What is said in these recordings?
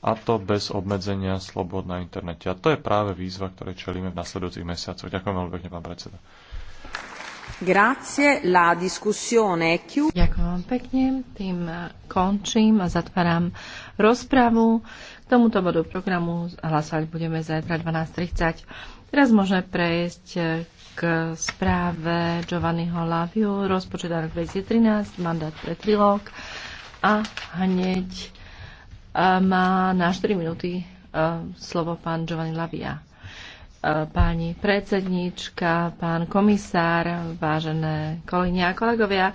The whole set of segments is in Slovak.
a to bez obmedzenia slobod na internete. A to je práve výzva, ktoré čelíme v nasledujúcich mesiacoch. Ďakujem veľmi pekne, pán predseda. Grazie, la discussione è chiusa. Ďakujem vám pekne, tým e, končím a zatváram rozpravu. K tomuto bodu programu hlasovať budeme zajtra 12.30. Teraz môžeme prejsť e, k správe Giovanniho Laviu, rozpočet 2013, mandát pre trilóg a hneď má na 4 minúty e, slovo pán Giovanni Lavia. E, Pani predsednička, pán komisár, vážené kolegyne a kolegovia,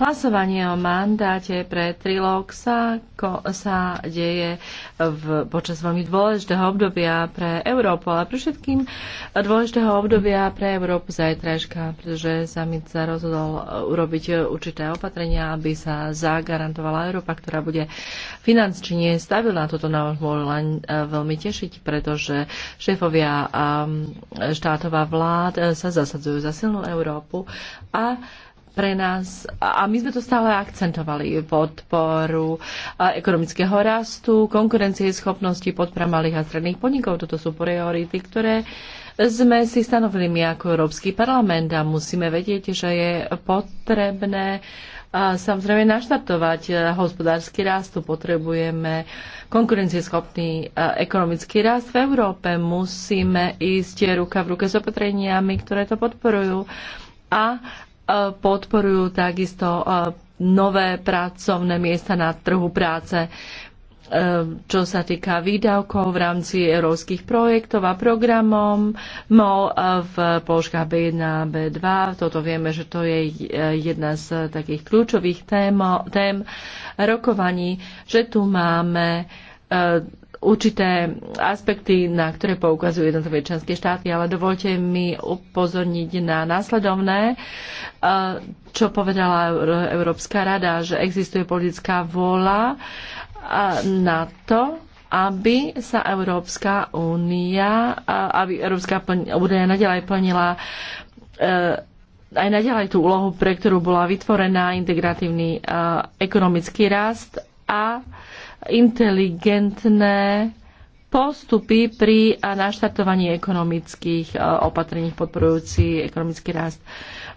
Hlasovanie o mandáte pre trilóg sa, ko, sa deje v, počas veľmi dôležitého obdobia pre Európu, ale pre všetkým dôležitého obdobia pre Európu zajtrajška, pretože summit sa rozhodol urobiť určité opatrenia, aby sa zagarantovala Európa, ktorá bude finančne stabilná. Toto nám môže len e, veľmi tešiť, pretože šéfovia štátová vlád e, sa zasadzujú za silnú Európu a pre nás, a my sme to stále akcentovali, podporu ekonomického rastu, konkurencie schopnosti, podpora malých a stredných podnikov. Toto sú priority, ktoré sme si stanovili my ako Európsky parlament a musíme vedieť, že je potrebné samozrejme naštartovať hospodársky rast. Tu potrebujeme konkurencieschopný ekonomický rast v Európe. Musíme ísť ruka v ruke s opatreniami, ktoré to podporujú a E, podporujú takisto e, nové pracovné miesta na trhu práce, e, čo sa týka výdavkov v rámci európskych projektov a programov v položkách B1 a B2. Toto vieme, že to je jedna z takých kľúčových tém, tém rokovaní, že tu máme určité aspekty, na ktoré poukazujú jednotlivé členské štáty, ale dovolte mi upozorniť na následovné, e, čo povedala Európska rada, že existuje politická vôľa na to, aby sa Európska únia, aby Európska únia nadalej plnila e, aj nadalej tú úlohu, pre ktorú bola vytvorená integratívny e, ekonomický rast a inteligentné postupy pri naštartovaní ekonomických e, opatrení podporujúci ekonomický rast.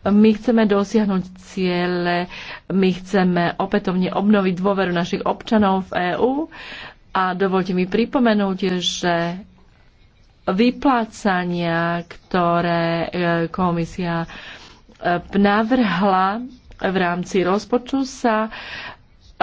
My chceme dosiahnuť ciele, my chceme opätovne obnoviť dôveru našich občanov v EÚ a dovolte mi pripomenúť, že vyplácania, ktoré e, komisia e, navrhla v rámci rozpočtu sa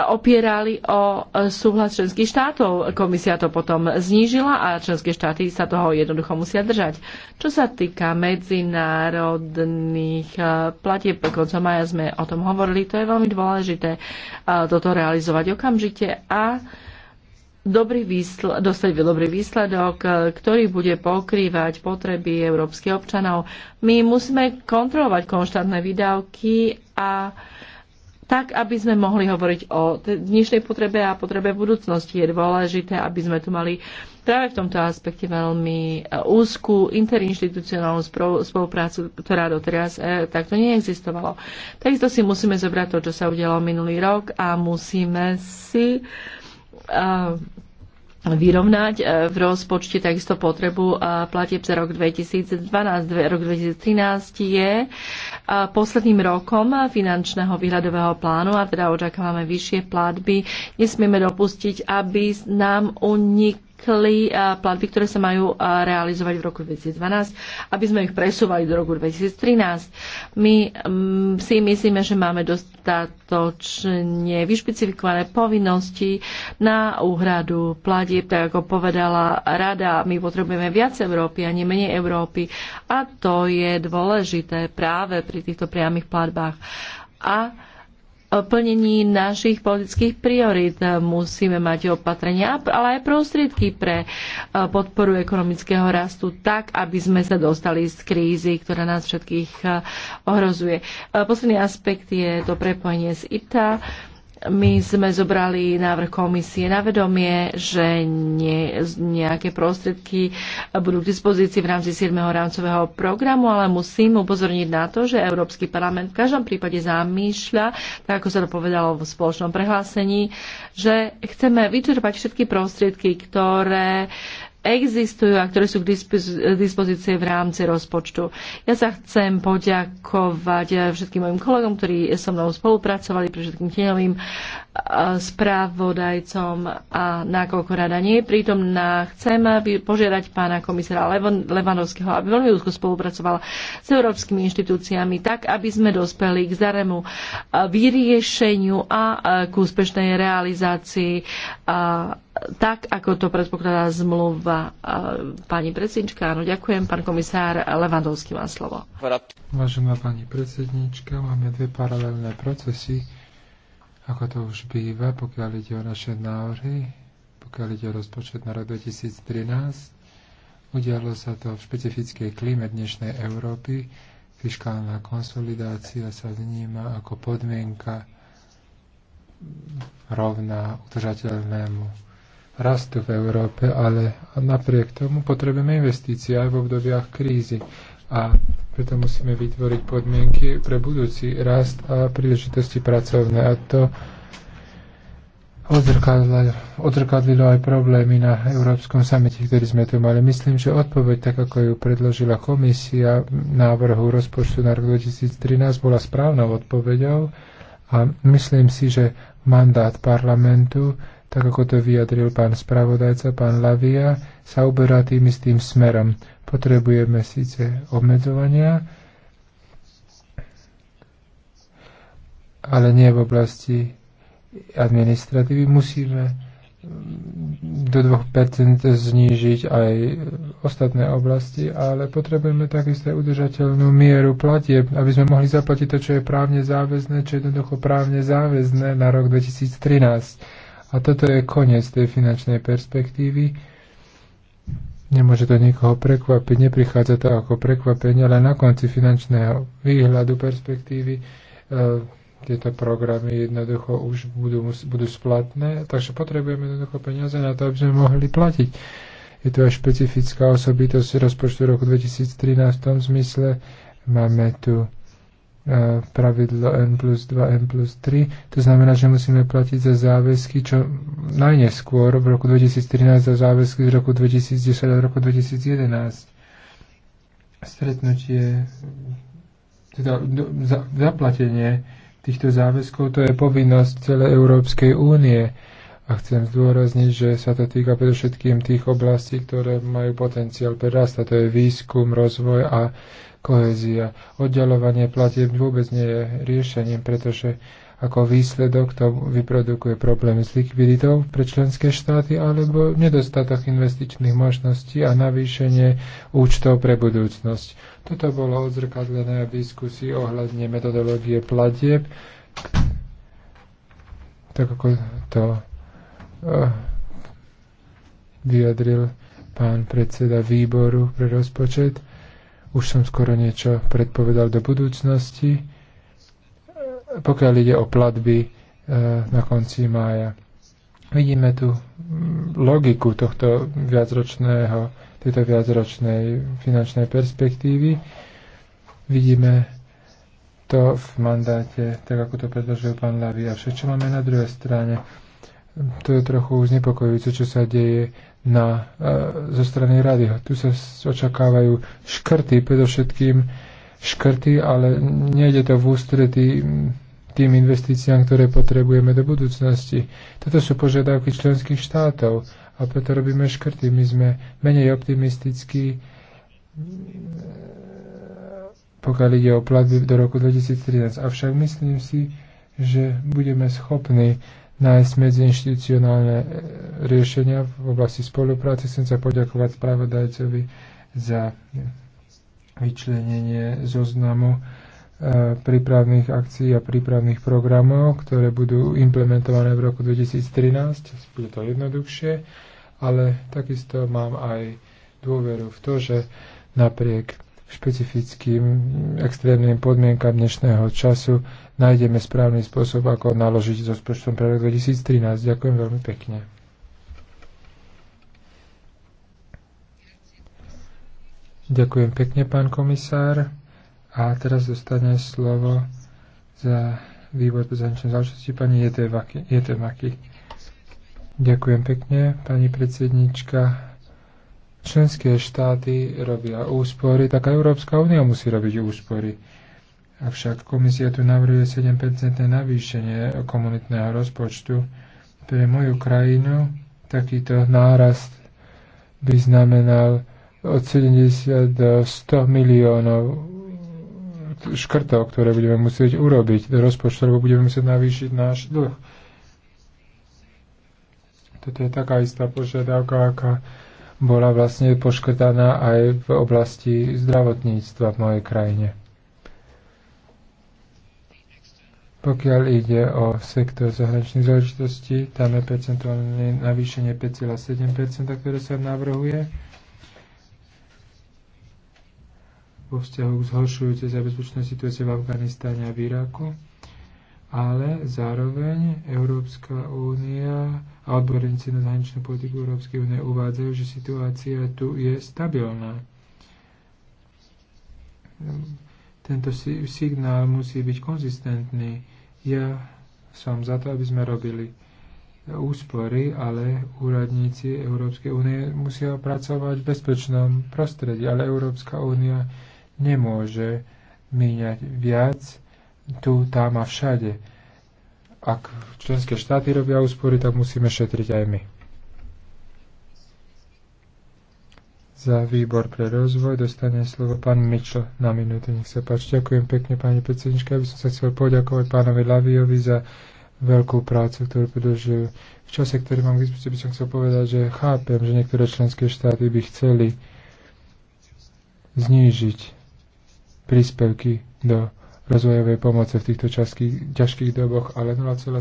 opierali o e, súhlas členských štátov. Komisia to potom znížila a členské štáty sa toho jednoducho musia držať. Čo sa týka medzinárodných e, platieb, koncom maja sme o tom hovorili, to je veľmi dôležité e, toto realizovať okamžite a dobrý výsled, dostať dobrý výsledok, ktorý bude pokrývať potreby európskych občanov. My musíme kontrolovať konštantné výdavky a uh, tak aby sme mohli hovoriť o dnešnej potrebe a potrebe budúcnosti. Je dôležité, aby sme tu mali práve v tomto aspekte veľmi e, úzkú interinstitucionálnu spoluprácu, ktorá doteraz e, takto neexistovala. Takisto si musíme zobrať to, čo sa udialo minulý rok a musíme si e, vyrovnať e, v rozpočte takisto potrebu platieb za rok 2012. Rok 2013 je e, posledným rokom finančného výhľadového plánu a teda očakávame vyššie platby. Nesmieme dopustiť, aby nám unik vznikli eh, platby, ktoré sa majú eh, realizovať v roku 2012, aby sme ich presúvali do roku 2013. My mm, si myslíme, že máme dostatočne vyšpecifikované povinnosti na úhradu platieb, tak ako povedala rada, my potrebujeme viac Európy a nie menej Európy a to je dôležité práve pri týchto priamých platbách. A plnení našich politických priorít. Musíme mať opatrenia, ale aj prostriedky pre e, podporu ekonomického rastu tak, aby sme sa dostali z krízy, ktorá nás všetkých e, ohrozuje. E, posledný aspekt je to prepojenie s ITA my sme zobrali návrh komisie na vedomie, že nie, nejaké prostriedky budú k dispozícii v rámci 7. rámcového programu, ale musím upozorniť na to, že Európsky parlament v každom prípade zamýšľa, tak ako sa to povedalo v spoločnom prehlásení, že chceme vyčerpať všetky prostriedky, ktoré existujú a ktoré sú k dispozícii v rámci rozpočtu. Ja sa chcem poďakovať eh, všetkým mojim kolegom, ktorí so mnou spolupracovali, pre všetkým tieňovým správodajcom a nakoľko rada nie je prítomná, chcem požiadať pána komisára Levanovského, aby veľmi úzko spolupracovala s európskymi inštitúciami, tak aby sme dospeli k zaremu e, vyriešeniu a e, k úspešnej realizácii e, tak, ako to predpokladá zmluva pani predsednička. Áno, ďakujem. Pán komisár Levandovský má slovo. Vážená pani predsednička, máme dve paralelné procesy ako to už býva, pokiaľ ide o naše návrhy, pokiaľ ide o rozpočet na rok 2013, udialo sa to v špecifickej klíme dnešnej Európy. Fiskálna konsolidácia sa vníma ako podmienka rovná udržateľnému rastu v Európe, ale napriek tomu potrebujeme investície aj v obdobiach krízy. A preto musíme vytvoriť podmienky pre budúci rast a príležitosti pracovné. A to odzrkadlilo aj problémy na Európskom samite, ktorý sme tu mali. Myslím, že odpoveď, tak ako ju predložila komisia návrhu rozpočtu na rok 2013, bola správnou odpoveďou a myslím si, že mandát parlamentu, tak ako to vyjadril pán spravodajca, pán Lavia, sa uberá tým istým smerom. Potrebujeme síce obmedzovania, ale nie v oblasti administratívy. Musíme mm, do 2% znížiť aj ostatné oblasti, ale potrebujeme takisto aj udržateľnú mieru platieb, aby sme mohli zaplatiť to, čo je právne záväzné, čo je jednoducho právne záväzné na rok 2013. A toto je koniec tej finančnej perspektívy Nemôže to niekoho prekvapiť, neprichádza to ako prekvapenie, ale na konci finančného výhľadu perspektívy e, tieto programy jednoducho už budú, budú splatné, takže potrebujeme jednoducho peniaze na to, aby sme mohli platiť. Je to aj špecifická osobitosť rozpočtu roku 2013 v tom zmysle, máme tu E, pravidlo N plus 2, N plus 3. To znamená, že musíme platiť za záväzky čo najneskôr v roku 2013 za záväzky z roku 2010 a roku 2011. Stretnutie, teda za, zaplatenie týchto záväzkov, to je povinnosť celej Európskej únie. A chcem zdôrazniť, že sa to týka predovšetkým tých oblastí, ktoré majú potenciál pre a to je výskum, rozvoj a kohézia. Oddialovanie platieb vôbec nie je riešením, pretože ako výsledok to vyprodukuje problém s likviditou pre členské štáty alebo nedostatok investičných možností a navýšenie účtov pre budúcnosť. Toto bolo odzrkadlené v diskusii ohľadne metodológie platieb, tak ako to eh, vyjadril pán predseda výboru pre rozpočet už som skoro niečo predpovedal do budúcnosti, pokiaľ ide o platby e, na konci mája. Vidíme tu logiku tohto viacročného, tejto viacročnej finančnej perspektívy. Vidíme to v mandáte, tak ako to predložil pán Lavi. A všetko máme na druhej strane to je trochu znepokojujúce, čo sa deje na, e, zo strany rady. Tu sa očakávajú škrty, predovšetkým škrty, ale nejde to v ústretí tým investíciám, ktoré potrebujeme do budúcnosti. Toto sú požiadavky členských štátov a preto robíme škrty. My sme menej optimistickí pokiaľ ide o platby do roku 2013. Avšak myslím si, že budeme schopní nájsť medziinštitucionálne e, riešenia v oblasti spolupráce. Chcem sa poďakovať spravodajcovi za vyčlenenie zoznamu e, prípravných akcií a prípravných programov, ktoré budú implementované v roku 2013. Bude to jednoduchšie, ale takisto mám aj dôveru v to, že napriek špecifickým extrémnym podmienkam dnešného času nájdeme správny spôsob, ako naložiť so spočtom pre rok 2013. Ďakujem veľmi pekne. Ďakujem pekne, pán komisár. A teraz dostane slovo za výbor pre zahraničné záležitosti pani Jetemaki. Ďakujem pekne, pani predsednička členské štáty robia úspory, tak aj Európska únia musí robiť úspory. Avšak komisia tu navrhuje 7% navýšenie komunitného rozpočtu. Pre moju krajinu takýto nárast by znamenal od 70 do 100 miliónov škrtov, ktoré budeme musieť urobiť do rozpočtu, lebo budeme musieť navýšiť náš dlh. Toto je taká istá požiadavka, aká bola vlastne poškodaná aj v oblasti zdravotníctva v mojej krajine. Pokiaľ ide o sektor zahraničných záležitostí, tam je percentuálne navýšenie 5,7%, ktoré sa navrhuje vo vzťahu k zhoršujúcej zabezpečnej situácie v Afganistáne a v Iraku ale zároveň Európska únia a odborníci na zahraničnú politiku Európskej únie uvádzajú, že situácia tu je stabilná. Tento signál musí byť konzistentný. Ja som za to, aby sme robili úspory, ale úradníci Európskej únie musia pracovať v bezpečnom prostredí, ale Európska únia nemôže míňať viac, tu, tam a všade. Ak členské štáty robia úspory, tak musíme šetriť aj my. Za výbor pre rozvoj dostane slovo pán Mitchell na minútu. Nech sa páči. Ďakujem pekne, pani predsednička. Ja by som sa chcel poďakovať pánovi Laviovi za veľkú prácu, ktorú predložil. V čase, ktorý mám k dispozícii, by som chcel povedať, že chápem, že niektoré členské štáty by chceli znížiť príspevky do rozvojovej pomoci v týchto čaských, ťažkých doboch, ale 0,7%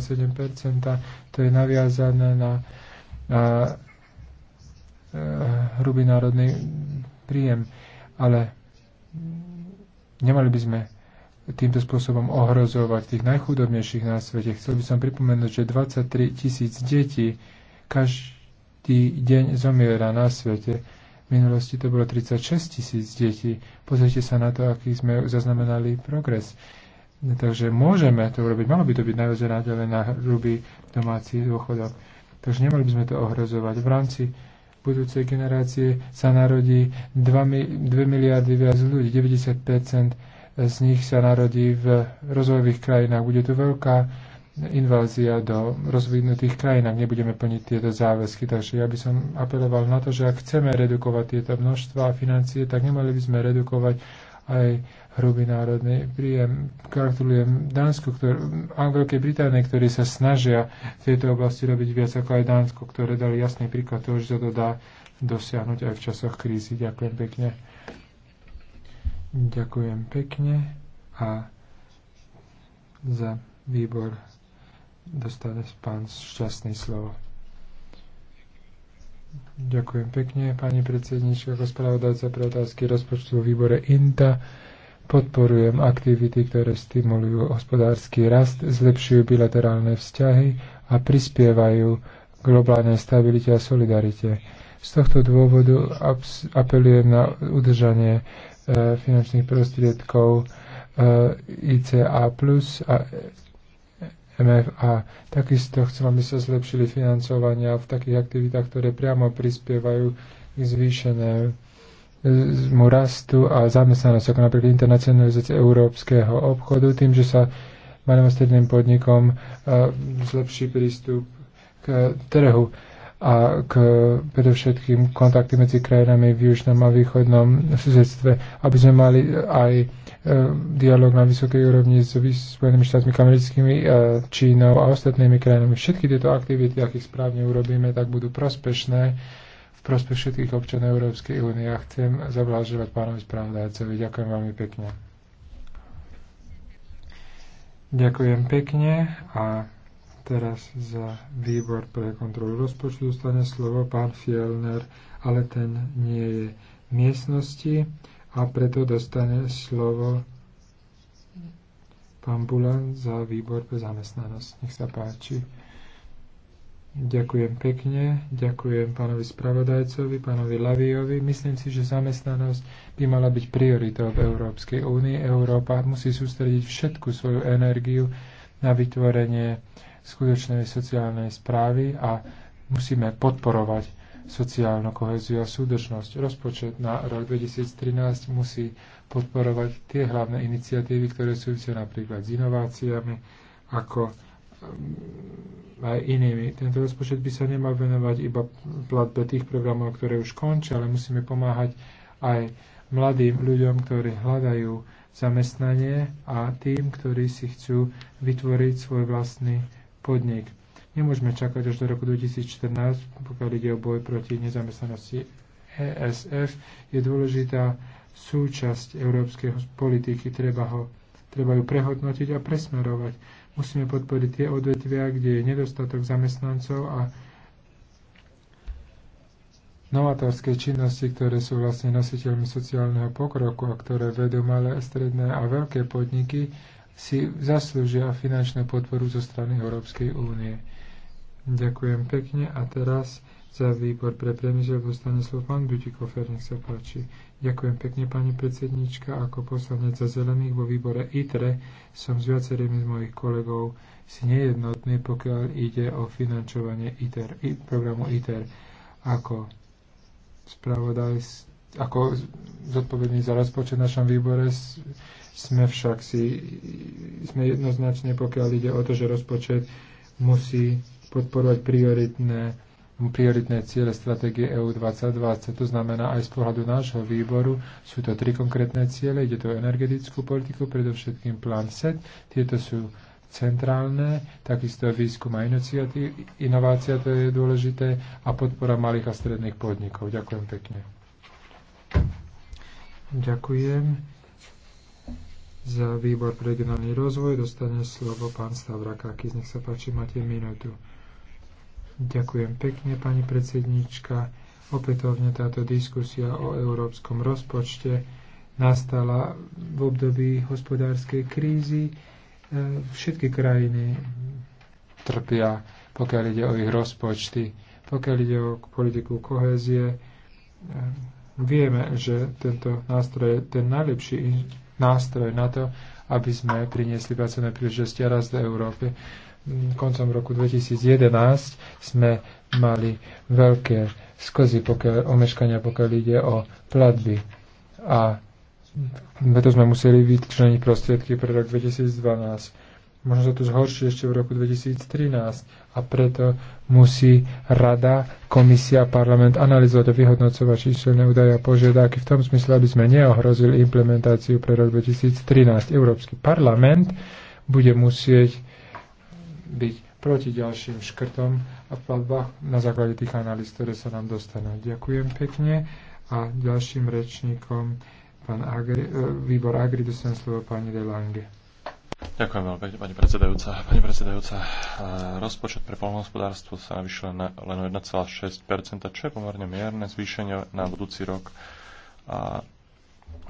to je naviazané na, na eh, hrubý národný príjem. Ale nemali by sme týmto spôsobom ohrozovať tých najchudobnejších na svete. Chcel by som pripomenúť, že 23 tisíc detí každý deň zomiera na svete v minulosti to bolo 36 tisíc detí. Pozrite sa na to, aký sme zaznamenali progres. No, takže môžeme to urobiť. Malo by to byť naozaj naďalej na hrubý domáci dôchodok. Takže nemali by sme to ohrozovať. V rámci budúcej generácie sa narodí 2, 2 miliardy viac ľudí. 90 z nich sa narodí v rozvojových krajinách. Bude to veľká invázia do rozvinutých krajín, ak nebudeme plniť tieto záväzky. Takže ja by som apeloval na to, že ak chceme redukovať tieto množstva a financie, tak nemali by sme redukovať aj hrubý národný príjem. Gratulujem Dánsku, ktorý, a Veľkej Británie, ktorí sa snažia v tejto oblasti robiť viac ako aj Dánsko, ktoré dali jasný príklad toho, že sa to dá dosiahnuť aj v časoch krízy. Ďakujem pekne. Ďakujem pekne a za výbor dostane pán šťastný slovo. Ďakujem pekne, pani predsedníčka, ako spravodajca pre otázky rozpočtu vo výbore INTA. Podporujem aktivity, ktoré stimulujú hospodársky rast, zlepšujú bilaterálne vzťahy a prispievajú k globálnej stabilite a solidarite. Z tohto dôvodu apelujem na udržanie e, finančných prostriedkov e, ICA plus a MFA. Takisto chcem, aby sa zlepšili financovania v takých aktivitách, ktoré priamo prispievajú k zvýšenému e, rastu a zamestnanosť, ako napríklad internacionalizácie európskeho obchodu, tým, že sa malým a stredným podnikom e, zlepší prístup k trhu a k predovšetkým kontakty medzi krajinami v južnom a východnom susedstve, aby sme mali aj E, dialog na vysokej úrovni s Spojenými štátmi americkými, e, Čínou a ostatnými krajinami. Všetky tieto aktivity, ak ich správne urobíme, tak budú prospešné v prospech všetkých občanov Európskej únie. Ja chcem zavlážovať pánovi správodajcovi. Ďakujem veľmi pekne. Ďakujem pekne a teraz za výbor pre kontrolu rozpočtu dostane slovo pán Fielner, ale ten nie je v miestnosti a preto dostane slovo pán Bulan za výbor pre zamestnanosť. Nech sa páči. Ďakujem pekne, ďakujem pánovi spravodajcovi, pánovi Laviovi. Myslím si, že zamestnanosť by mala byť prioritou v Európskej únii. Európa musí sústrediť všetku svoju energiu na vytvorenie skutočnej sociálnej správy a musíme podporovať sociálnu koheziu a súdržnosť. Rozpočet na rok 2013 musí podporovať tie hlavné iniciatívy, ktoré súvisia napríklad s inováciami, ako mm, aj inými. Tento rozpočet by sa nemal venovať iba platbe tých programov, ktoré už končia, ale musíme pomáhať aj mladým ľuďom, ktorí hľadajú zamestnanie a tým, ktorí si chcú vytvoriť svoj vlastný podnik. Nemôžeme čakať až do roku 2014, pokiaľ ide o boj proti nezamestnanosti ESF. Je dôležitá súčasť európskej politiky, treba, ho, treba ju prehodnotiť a presmerovať. Musíme podporiť tie odvetvia, kde je nedostatok zamestnancov a novatárskej činnosti, ktoré sú vlastne nositeľmi sociálneho pokroku a ktoré vedú malé, stredné a veľké podniky, si zaslúžia finančnú podporu zo strany Európskej únie. Ďakujem pekne a teraz za výbor pre priemysel dostane slovo pán Butikofer, nech sa páči. Ďakujem pekne, pani predsednička. Ako poslanec za zelených vo výbore ITRE som s viacerými z mojich kolegov si nejednotný, pokiaľ ide o financovanie ITER, programu ITER ako spravodaj, ako zodpovedný za rozpočet v našom výbore sme však si sme jednoznačne, pokiaľ ide o to, že rozpočet musí podporovať prioritné, prioritné ciele stratégie EU 2020. To znamená, aj z pohľadu nášho výboru sú to tri konkrétne ciele. Ide to o energetickú politiku, predovšetkým plán SET. Tieto sú centrálne, takisto výskum a inovácia, to je dôležité, a podpora malých a stredných podnikov. Ďakujem pekne. Ďakujem. Za výbor pre regionálny rozvoj dostane slovo pán Stavrakakis. Nech sa páči, máte minútu. Ďakujem pekne, pani predsednička. Opätovne táto diskusia o európskom rozpočte nastala v období hospodárskej krízy. E, všetky krajiny trpia, pokiaľ ide o ich rozpočty, pokiaľ ide o politiku kohézie. E, vieme, že tento nástroj je ten najlepší nástroj na to, aby sme priniesli pracovné príležitosti a rast do Európy. Mm, koncom roku 2011 sme mali veľké skozy pokiaľ, omeškania, pokiaľ ide o platby. A preto sme museli vyčleniť prostriedky pre rok 2012 možno sa to zhorší ešte v roku 2013 a preto musí rada, komisia, parlament analyzovať a vyhodnocovať číselné údaje a požiadavky v tom smysle, aby sme neohrozili implementáciu pre rok 2013. Európsky parlament bude musieť byť proti ďalším škrtom a v platbách na základe tých analýz, ktoré sa nám dostanú. Ďakujem pekne a ďalším rečníkom pán Agri, e, výbor Agri dostanem slovo pani Delange. Ďakujem veľmi pekne, pani predsedajúca. Pani predsedajúca, e, rozpočet pre polnohospodárstvo sa navyšil na len 1,6%, čo je pomerne mierne zvýšenie na budúci rok. A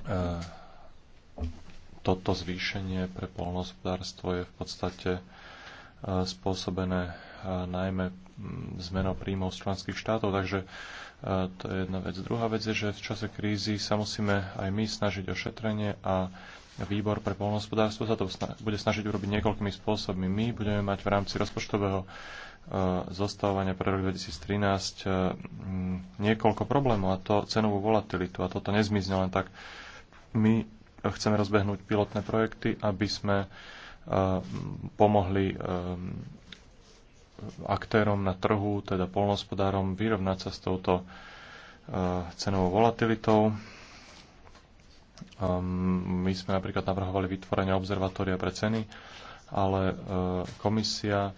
e, toto zvýšenie pre polnohospodárstvo je v podstate spôsobené najmä zmenou príjmov z členských štátov. Takže e, to je jedna vec. Druhá vec je, že v čase krízy sa musíme aj my snažiť o šetrenie a výbor pre poľnohospodárstvo sa to bude snažiť urobiť niekoľkými spôsobmi. My budeme mať v rámci rozpočtového e, zostávania pre rok 2013 e, niekoľko problémov a to cenovú volatilitu a toto nezmizne len tak. My chceme rozbehnúť pilotné projekty, aby sme Eh, pomohli eh, aktérom na trhu, teda polnospodárom, vyrovnať sa s touto eh, cenovou volatilitou. Ehm, my sme napríklad navrhovali vytvorenie observatória pre ceny, ale komisia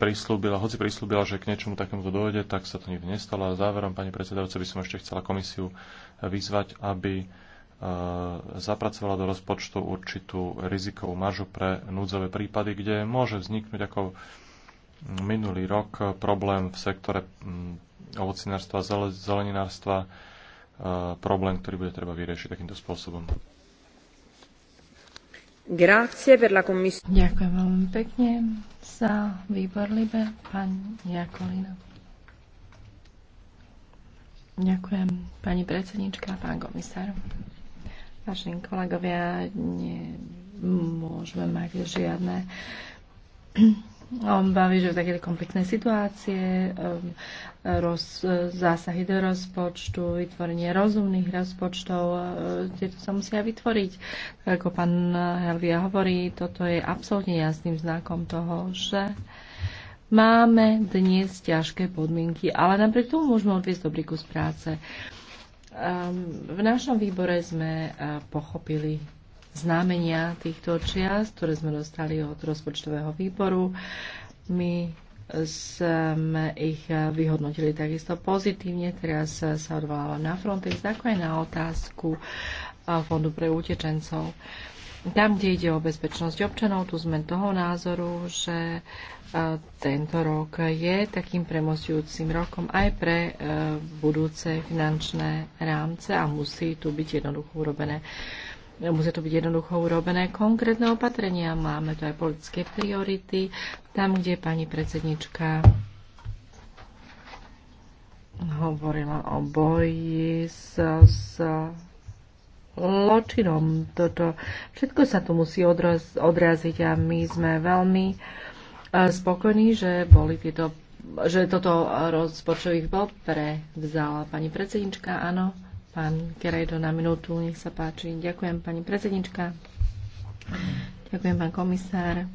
prislúbila, hoci prislúbila, že k niečomu takémuto dojde, tak sa to nikdy nestalo. A záverom, pani predsedajúce, by som ešte chcela komisiu vyzvať, aby E, zapracovala do rozpočtu určitú rizikovú maržu pre núdzové prípady, kde môže vzniknúť ako minulý rok problém v sektore mm, ovocinárstva, zeleninárstva, e, problém, ktorý bude treba vyriešiť takýmto spôsobom. Ďakujem veľmi pekne za výbor Libe, pán Jakolino. Ďakujem, pani predsednička, pán komisár. Vážení kolegovia, nemôžeme mať žiadne obavy, že v takéto komplexnej situácie ehm, roz, zásahy do rozpočtu, vytvorenie rozumných rozpočtov, ehm, tieto sa musia vytvoriť. Tak ako pán Helvia hovorí, toto je absolútne jasným znakom toho, že máme dnes ťažké podmienky, ale napriek tomu môžeme odviesť dobrý kus práce. Um, Ehm, v našom výbore sme e, pochopili známenia týchto čiast, ktoré sme dostali od rozpočtového výboru. My sme ich e, vyhodnotili takisto pozitívne. Teraz e, sa odvolávam na Frontex, ako aj na otázku Fondu pre utečencov. Um, tam, kde ide o bezpečnosť občanov, tu sme toho názoru, že e, tento rok je takým premostujúcim rokom aj pre e, budúce finančné rámce a musí tu byť jednoducho urobené Musí to byť jednoducho urobené konkrétne opatrenia. Máme tu aj politické priority. Tam, kde pani predsednička hovorila o boji s, s zločinom. Toto, všetko sa tu musí odraz, odraziť a my sme veľmi e, spokojní, že boli tieto že toto rozpočtových bol prevzala pani predsednička, áno, pán Kerejdo na minútu, nech sa páči. Ďakujem pani predsednička, ďakujem pán komisár.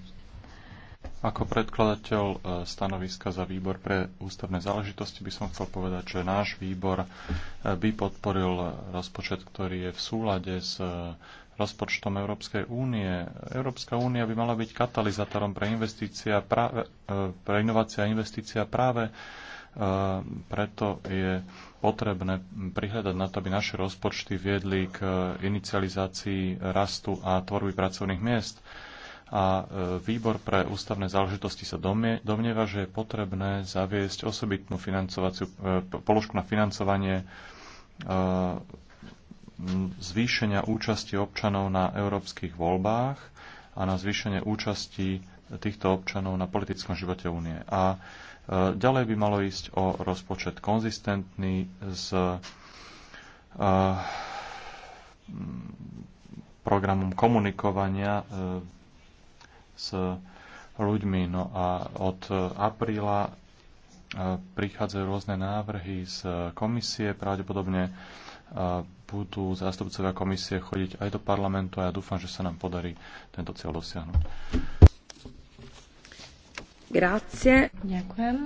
Ako predkladateľ e, stanoviska za výbor pre ústavné záležitosti by som chcel povedať, že náš výbor e, by podporil rozpočet, ktorý je v súlade s e, rozpočtom Európskej únie. Európska únia by mala byť katalizátorom pre, investícia práve, pre inovácia a investícia práve preto je potrebné prihľadať na to, aby naše rozpočty viedli k inicializácii rastu a tvorby pracovných miest a e, výbor pre ústavné záležitosti sa domnieva, že je potrebné zaviesť osobitnú financovaciu, e, položku na financovanie e, zvýšenia účasti občanov na európskych voľbách a na zvýšenie účasti týchto občanov na politickom živote únie. A ďalej by malo ísť o rozpočet konzistentný s programom komunikovania s ľuďmi. No a od apríla e, prichádzajú rôzne návrhy z komisie, pravdepodobne e, budú zástupcovia komisie chodiť aj do parlamentu a ja dúfam, že sa nám podarí tento cieľ dosiahnuť. Grácie. Ďakujem.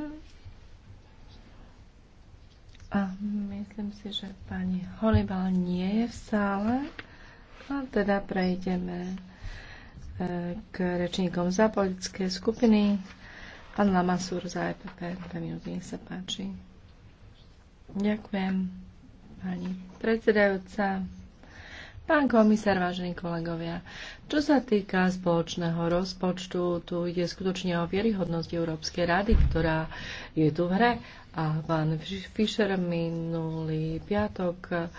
A myslím si, že pani Holibal nie je v sále. A teda prejdeme k rečníkom za politické skupiny. Pán Lamasúr za EPP, dve minúty, nech sa páči. Ďakujem, pani predsedajúca. Pán komisár, vážení kolegovia, čo sa týka spoločného rozpočtu, tu ide skutočne o vieryhodnosť Európskej rady, ktorá je tu v hre. A pán Fischer minulý piatok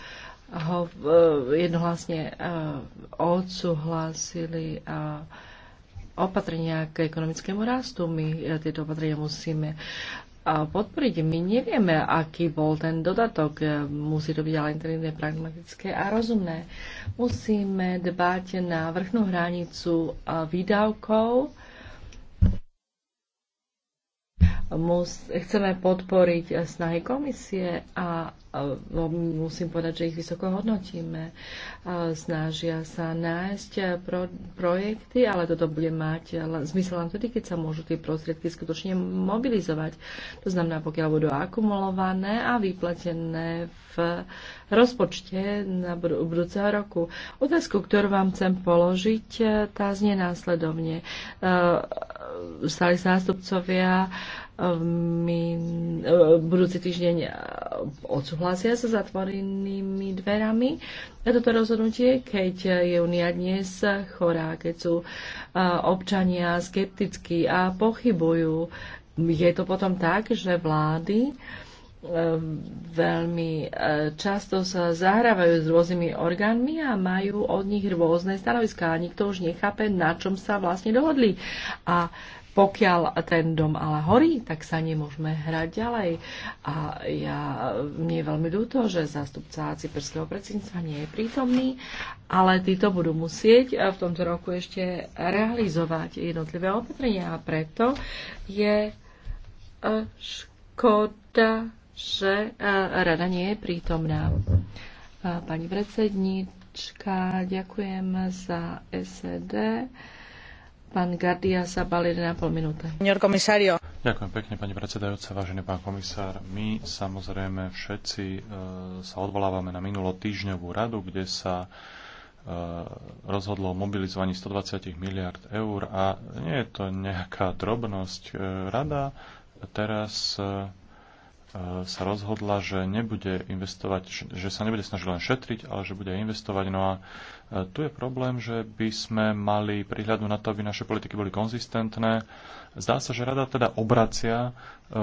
ho e, jednohlasne e, odsúhlasili opatrenia k ekonomickému rastu. My e, tieto opatrenia musíme podporiť. My nevieme, aký bol ten dodatok. Musí to byť ale interné pragmatické a rozumné. Musíme dbať na vrchnú hranicu výdavkov, mus, chceme podporiť eh, snahy komisie a eh, no, musím povedať, že ich vysoko hodnotíme. Eh, snažia sa nájsť pro, projekty, ale toto bude mať zmysel len vtedy, keď sa môžu tie prostriedky skutočne mobilizovať. To znamená, pokiaľ budú akumulované a vyplatené v rozpočte na budúceho roku. Otázku, ktorú vám chcem položiť, tá znie následovne. Stali zástupcovia mi e, budúci týždeň e, odsúhlasia sa zatvorenými dverami na toto rozhodnutie, keď je Unia dnes chorá, keď sú e, občania skeptickí a pochybujú. Je to potom tak, že vlády veľmi často sa zahrávajú s rôznymi orgánmi a majú od nich rôzne stanoviská. Nikto už nechápe, na čom sa vlastne dohodli. A pokiaľ ten dom ale horí, tak sa nemôžeme hrať ďalej. A ja, mne je veľmi ľúto, že zástupca cyperského predsedníctva nie je prítomný, ale títo budú musieť eh, v tomto roku ešte realizovať jednotlivé opatrenia a preto je eh, škoda, že eh, rada nie je prítomná. Pani predsedníčka, ďakujem za SED. Pán Gardia sa bal 1,5 minúte. Ďakujem pekne, pani predsedajúca, vážený pán komisár. My samozrejme všetci e, sa odvolávame na minulotýždňovú radu, kde sa e, rozhodlo o mobilizovaní 120 miliard eur a nie je to nejaká drobnosť. E, rada teraz e, E, sa rozhodla, že nebude investovať, že sa nebude snažiť len šetriť, ale že bude investovať. No a e, tu je problém, že by sme mali prihľadu na to, aby naše politiky boli konzistentné. Zdá sa, že rada teda obracia e,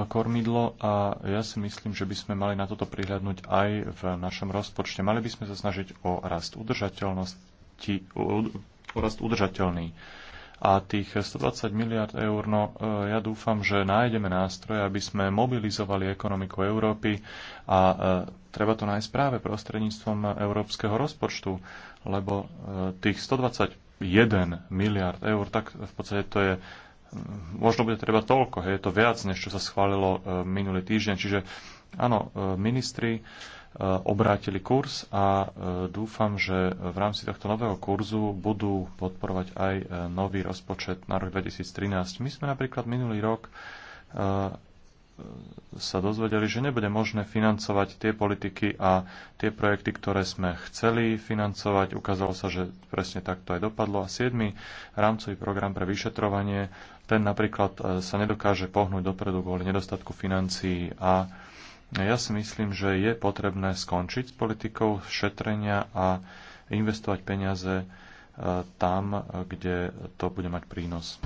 kormidlo a ja si myslím, že by sme mali na toto prihľadnúť aj v našom rozpočte. Mali by sme sa snažiť o rast udržateľnosti, o rast udržateľný a tých 120 miliard eur, no e, ja dúfam, že nájdeme nástroje, aby sme mobilizovali ekonomiku Európy a e, treba to nájsť práve prostredníctvom európskeho rozpočtu, lebo e, tých 121 miliard eur, tak v podstate to je možno bude treba toľko, je to viac, než čo sa schválilo minulý týždeň. Čiže áno, ministri Eh, obrátili kurz a eh, dúfam, že v rámci tohto nového kurzu budú podporovať aj eh, nový rozpočet na rok 2013. My sme napríklad minulý rok sa dozvedeli, že nebude možné financovať tie politiky a tie projekty, ktoré sme chceli financovať. Ukázalo sa, že presne takto aj dopadlo. A 7. rámcový program pre vyšetrovanie, ten napríklad sa nedokáže pohnúť dopredu kvôli nedostatku financií a No ja si myslím, že je potrebné skončiť s politikou šetrenia a investovať peniaze e, tam, kde to bude mať prínos.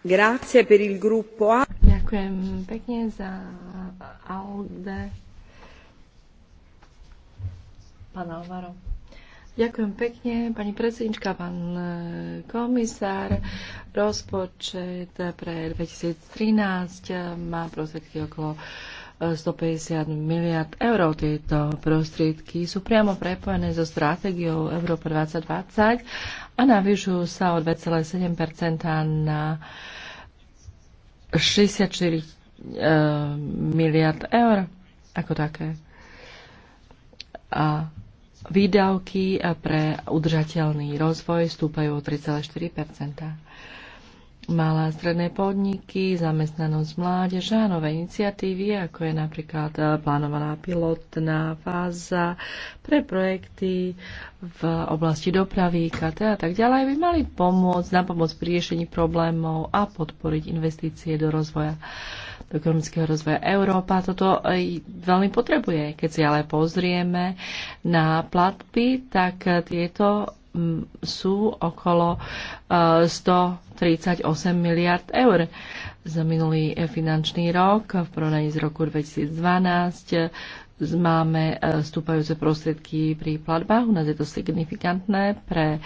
Grazie per il gruppo A. Ďakujem pekne za ALDE. Pán Alvaro. Ďakujem pekne, pani predsednička, pán e, komisár. Rozpočet pre 2013 e, má prostriedky okolo 150 miliard eur. Tieto prostriedky sú priamo prepojené so stratégiou Európa 2020 a navýšujú sa o 2,7 na 64 e, miliard eur ako také. A výdavky pre udržateľný rozvoj stúpajú o 3,4 malé a stredné podniky, zamestnanosť mládež a nové iniciatívy, ako je napríklad e, plánovaná pilotná fáza pre projekty v oblasti dopravy, KT a tak ďalej, by mali pomôcť na pomoc pri riešení problémov a podporiť investície do rozvoja do ekonomického rozvoja Európa. Toto e, veľmi potrebuje. Keď si ale pozrieme na platby, tak e, tieto Mm, sú okolo 138 eh, miliard eur. Za minulý eh, finančný rok v porovnaní z roku 2012 eh, máme stúpajúce prostriedky pri platbách. U nás je to signifikantné pre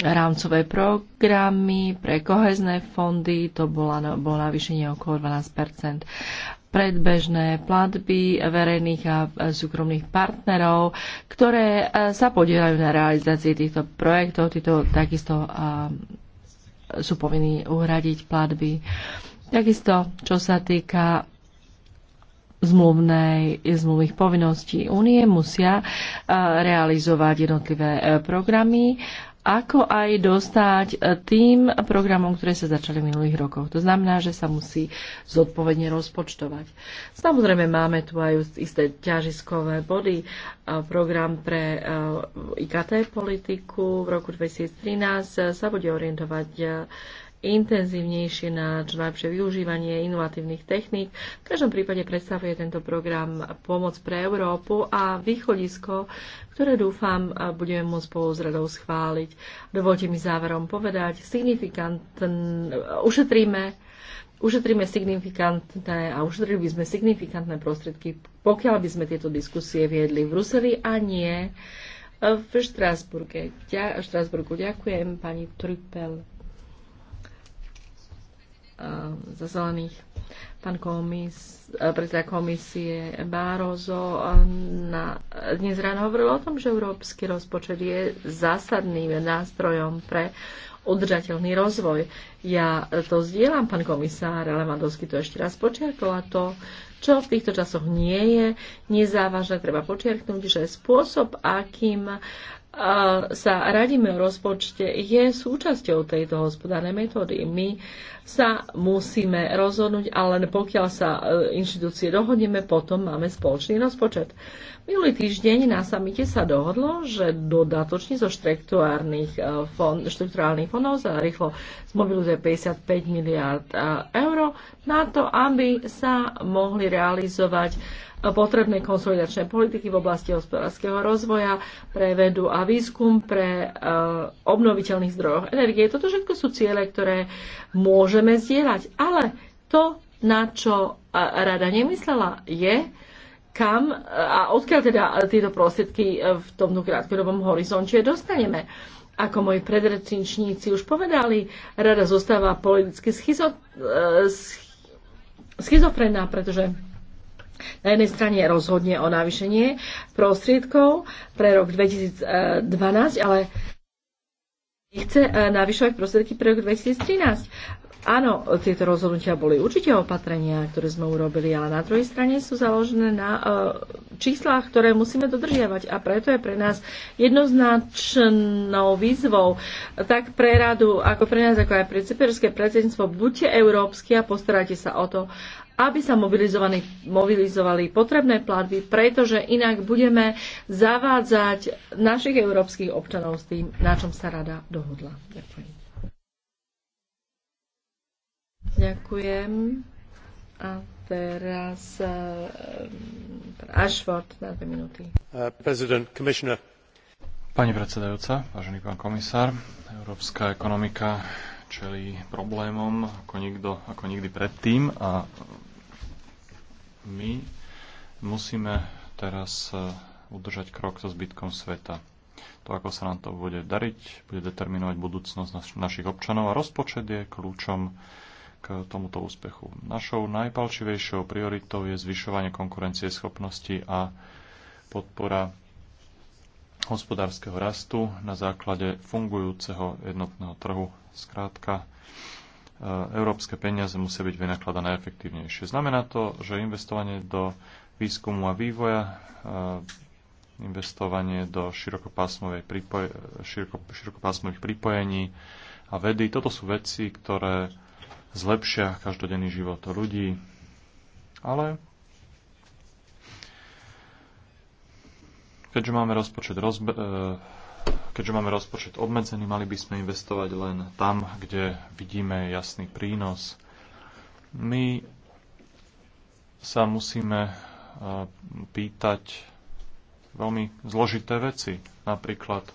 rámcové programy, pre kohezné fondy, to bolo bolo navýšenie okolo 12 predbežné platby verejných a súkromných partnerov, ktoré e, sa podielajú na realizácii týchto projektov. Títo takisto sú povinní uhradiť platby. Takisto, čo sa týka zmluvnej, zmluvných povinností únie, musia e, realizovať jednotlivé e, programy ako aj dostať e, tým programom, ktoré sa začali v minulých rokoch. To znamená, že sa musí zodpovedne rozpočtovať. Samozrejme, máme tu aj isté ťažiskové body. E, program pre e, IKT politiku v roku 2013 sa bude orientovať intenzívnejšie na čo najlepšie využívanie inovatívnych techník. V každom prípade predstavuje tento program pomoc pre Európu a východisko, ktoré dúfam budeme môcť spolu s radou schváliť. Dovolte mi záverom povedať, ušetríme ušetríme signifikantné a ušetrili by sme signifikantné prostriedky, pokiaľ by sme tieto diskusie viedli v Bruseli a nie v Štrásburgu ďakujem pani Trupel. Eh, za zelených pán komis, eh, predseda komisie Bározo eh, na, dnes ráno hovoril o tom, že európsky rozpočet je zásadným nástrojom pre udržateľný rozvoj. Ja to zdieľam, pán komisár Levandovský to ešte raz počiarkol a to, čo v týchto časoch nie je nezávažné, treba počiarknúť, že spôsob, akým sa radíme o rozpočte, je súčasťou tejto hospodárnej metódy. My sa musíme rozhodnúť, ale pokiaľ sa e, inštitúcie dohodneme, potom máme spoločný rozpočet. Minulý týždeň na samite sa dohodlo, že dodatočne zo štrukturálnych, e, fond, fondov sa rýchlo zmobilizuje 55 miliard e, eur na to, aby sa mohli realizovať potrebné konsolidačné politiky v oblasti hospodárskeho rozvoja, pre vedu a výskum, pre eh, obnoviteľných zdrojov energie. Toto všetko sú ciele, ktoré môžeme zdieľať. Ale to, na čo eh, rada nemyslela, je, kam eh, a odkiaľ teda tieto prostriedky v tom krátkodobom horizonte dostaneme. Ako moji predrečníci už povedali, rada zostáva politicky schizo, schizofrená, pretože na jednej strane rozhodne o navýšenie prostriedkov pre rok 2012, ale nechce e, navyšovať prostriedky pre rok 2013. Áno, tieto rozhodnutia boli určite opatrenia, ktoré sme urobili, ale na druhej strane sú založené na e, číslach, ktoré musíme dodržiavať a preto je pre nás jednoznačnou výzvou tak pre radu, ako pre nás, ako aj pre cyperské predsedníctvo, buďte európsky a postarajte sa o to, aby sa mobilizovali potrebné platby, pretože inak budeme zavádzať našich európskych občanov s tým, na čom sa rada dohodla. Ďakujem. Ďakujem. A teraz eh, pán Ashford na dve minúty. Uh, Pani predsedajúca, vážený pán komisár, európska ekonomika čelí problémom ako, nikto, ako nikdy predtým a my musíme teraz e, udržať krok so zbytkom sveta. To, ako sa nám to bude dariť, bude determinovať budúcnosť naš- našich občanov a rozpočet je kľúčom k tomuto úspechu. Našou najpalčivejšou prioritou je zvyšovanie konkurencie schopnosti a podpora hospodárskeho rastu na základe fungujúceho jednotného trhu. Skrátka, európske peniaze musia byť vynakladané efektívnejšie. Znamená to, že investovanie do výskumu a vývoja, investovanie do široko širokopásmových pripojení a vedy, toto sú veci, ktoré zlepšia každodenný život ľudí, ale keďže máme rozpočet rozbe- keďže máme rozpočet obmedzený, mali by sme investovať len tam, kde vidíme jasný prínos. My sa musíme e, pýtať veľmi zložité veci. Napríklad e,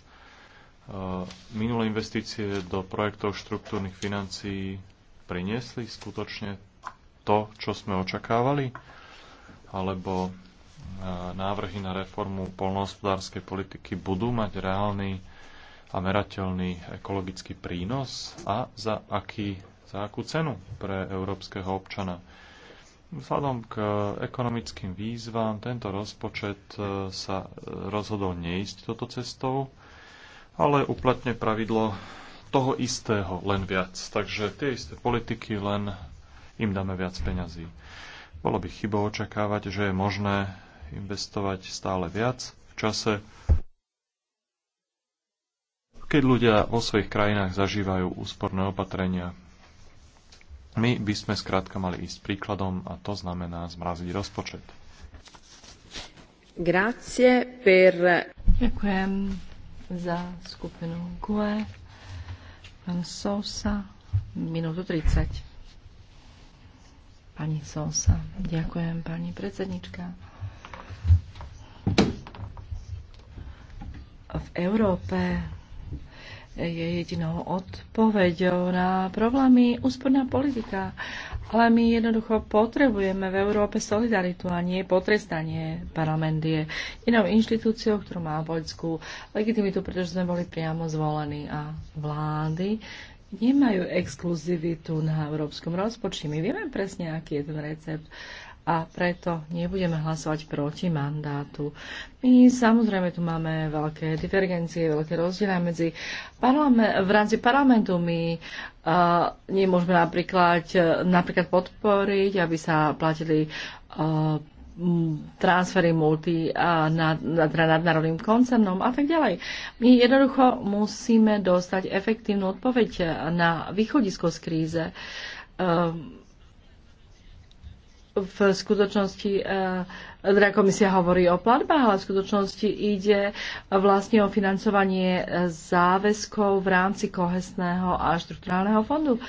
minulé investície do projektov štruktúrnych financií priniesli skutočne to, čo sme očakávali? Alebo návrhy na reformu polnohospodárskej politiky budú mať reálny a merateľný ekologický prínos a za, aký, za akú cenu pre európskeho občana. Vzhľadom k ekonomickým výzvam tento rozpočet e, sa e, rozhodol neísť toto cestou, ale uplatne pravidlo toho istého, len viac. Takže tie isté politiky, len im dáme viac peňazí. Bolo by chybou očakávať, že je možné investovať stále viac v čase, keď ľudia vo svojich krajinách zažívajú úsporné opatrenia. My by sme skrátka mali ísť príkladom a to znamená zmraziť rozpočet. Grazie per... Ďakujem za skupinu GUE. Pán Sousa, minútu 30. Pani Sousa, ďakujem pani predsednička. Európe je jedinou odpoveďou na problémy úsporná politika. Ale my jednoducho potrebujeme v Európe solidaritu a nie potrestanie. Parlament je inou inštitúciou, ktorú má voľskú legitimitu, pretože sme boli priamo zvolení a vlády nemajú exkluzivitu na európskom rozpočte. My vieme presne, aký je ten recept a preto nebudeme hlasovať proti mandátu. My samozrejme tu máme veľké divergencie, veľké rozdiely medzi v rámci parlamentu. My uh, nemôžeme napríklad, napríklad podporiť, aby sa platili uh, transfery multi a nad, nad, nadnárodným koncernom a tak ďalej. My jednoducho musíme dostať efektívnu odpoveď na východisko z kríze. Uh, v skutočnosti e, teda komisia hovorí o platbách, ale v skutočnosti ide vlastne o financovanie e, záväzkov v rámci kohesného a štruktúrálneho fondu.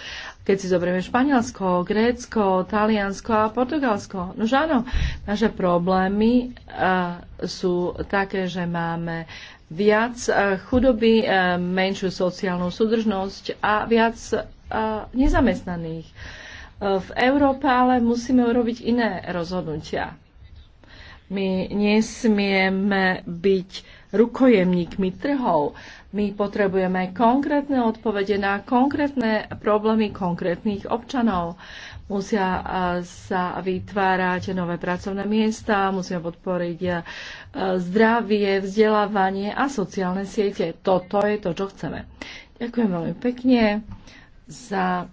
Keď si zoberieme Španielsko, Grécko, Taliansko a Portugalsko. No áno, naše problémy e, sú také, že máme viac chudoby, menšiu sociálnu súdržnosť a viac nezamestnaných v Európe, ale musíme urobiť iné rozhodnutia. My nesmieme byť rukojemníkmi trhov. My potrebujeme konkrétne odpovede na konkrétne problémy konkrétnych občanov. Musia sa vytvárať nové pracovné miesta, musia podporiť zdravie, vzdelávanie a sociálne siete. Toto je to, čo chceme. Ďakujem veľmi pekne za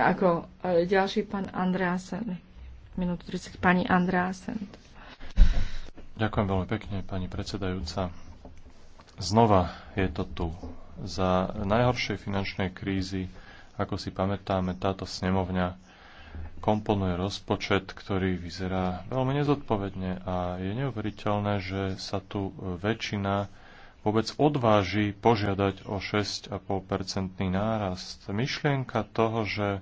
ako e, ďalší pán Andreasen. Minútu 30. Pani Andreasen. Ďakujem veľmi pekne, pani predsedajúca. Znova je to tu. Za najhoršej finančnej krízy, ako si pamätáme, táto snemovňa komponuje rozpočet, ktorý vyzerá veľmi nezodpovedne a je neuveriteľné, že sa tu väčšina vôbec odváži požiadať o 6,5-percentný nárast. Myšlienka toho, že e,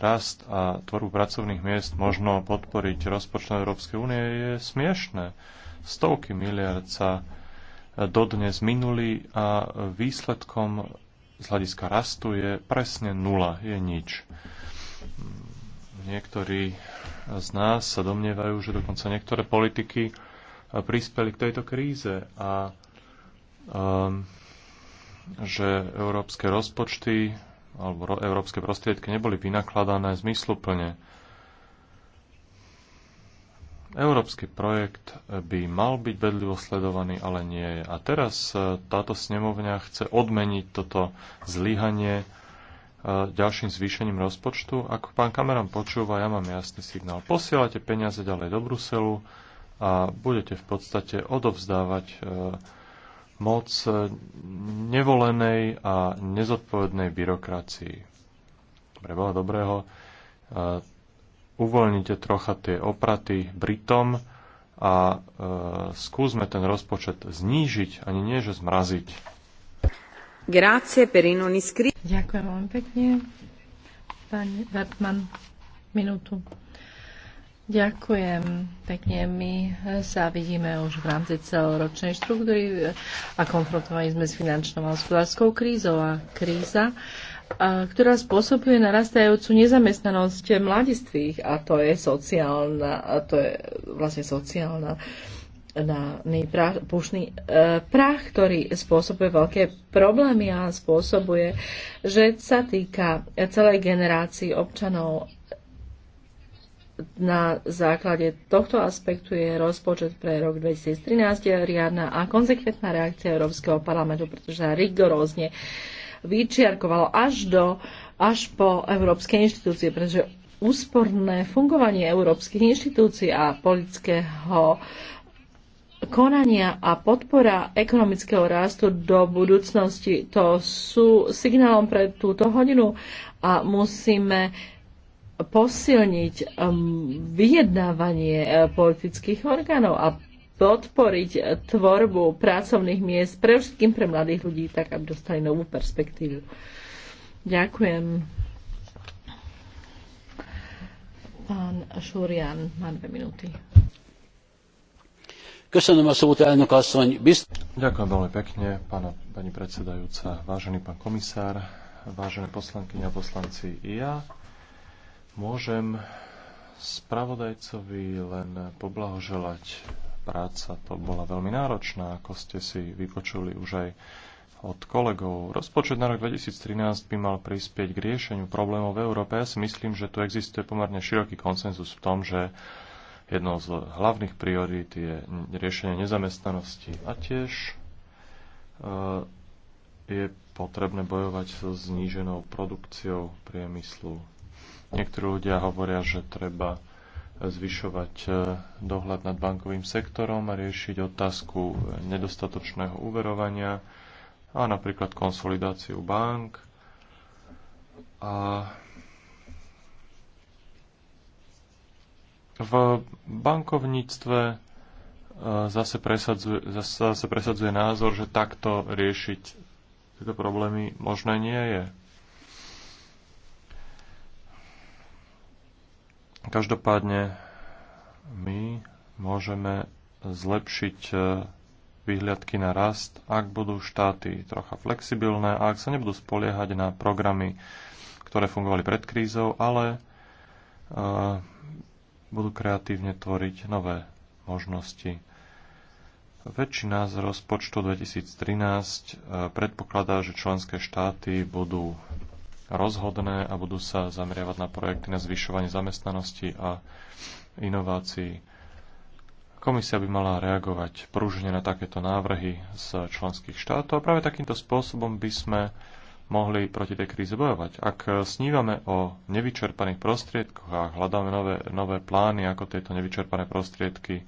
rast a tvorbu pracovných miest možno podporiť rozpočtom Európskej únie je smiešné. Stovky miliard sa e, dodnes minuli a výsledkom z hľadiska rastu je presne nula, je nič. Niektorí z nás sa domnievajú, že dokonca niektoré politiky e, prispeli k tejto kríze a Um, že európske rozpočty alebo európske prostriedky neboli vynakladané zmysluplne. Európsky projekt by mal byť vedlivo sledovaný, ale nie je. A teraz uh, táto snemovňa chce odmeniť toto zlyhanie uh, ďalším zvýšením rozpočtu. Ako pán Kameran počúva, ja mám jasný signál. Posielate peniaze ďalej do Bruselu a budete v podstate odovzdávať uh, moc eh, nevolenej a nezodpovednej byrokracii. Pre Boha dobrého, eh, uvoľnite trocha tie opraty Britom a eh, skúsme ten rozpočet znížiť, ani nie, že zmraziť. Grazie per Ďakujem veľmi pekne. Pani Vertman, minútu. Ďakujem pekne. My eh, sa vidíme už v rámci celoročnej štruktúry eh, a konfrontovali sme s finančnou a hospodárskou krízou a kríza, eh, ktorá spôsobuje narastajúcu nezamestnanosť mladistvých a to je sociálna, a to je vlastne sociálna na prach, pušný e, prach, ktorý spôsobuje veľké problémy a spôsobuje, že sa týka celej generácii občanov na základe tohto aspektu je rozpočet pre rok 2013 riadna a konzekventná reakcia Európskeho parlamentu, pretože sa rigorózne vyčiarkovalo až, do, až po európske inštitúcie, pretože úsporné fungovanie európskych inštitúcií a politického konania a podpora ekonomického rastu do budúcnosti. To sú signálom pre túto hodinu a musíme posilniť um, vyjednávanie uh, politických orgánov a podporiť uh, tvorbu pracovných miest pre všetkým pre mladých ľudí, tak aby dostali novú perspektívu. Ďakujem. Pán Šúrian, má dve minúty. Ďakujem veľmi pekne, pána, pani predsedajúca, vážený pán komisár, vážené poslankyne a poslanci. Ja Môžem spravodajcovi len poblahoželať. Práca to bola veľmi náročná, ako ste si vypočuli už aj od kolegov. Rozpočet na rok 2013 by mal prispieť k riešeniu problémov v Európe. Ja si myslím, že tu existuje pomerne široký konsenzus v tom, že jednou z hlavných priorít je riešenie nezamestnanosti a tiež e, je potrebné bojovať so zníženou produkciou priemyslu Niektorí ľudia hovoria, že treba zvyšovať e, dohľad nad bankovým sektorom a riešiť otázku e, nedostatočného úverovania a napríklad konsolidáciu bank. A v bankovníctve e, zase presadzuje, zase presadzuje názor, že takto riešiť tieto problémy možné nie je. Každopádne my môžeme zlepšiť e, výhľadky na rast, ak budú štáty trocha flexibilné a ak sa nebudú spoliehať na programy, ktoré fungovali pred krízou, ale e, budú kreatívne tvoriť nové možnosti. Väčšina z rozpočtu 2013 e, predpokladá, že členské štáty budú rozhodné a budú sa zameriavať na projekty na zvyšovanie zamestnanosti a inovácií. Komisia by mala reagovať pružne na takéto návrhy z členských štátov a práve takýmto spôsobom by sme mohli proti tej kríze bojovať. Ak snívame o nevyčerpaných prostriedkoch a hľadáme nové, nové plány, ako tieto nevyčerpané prostriedky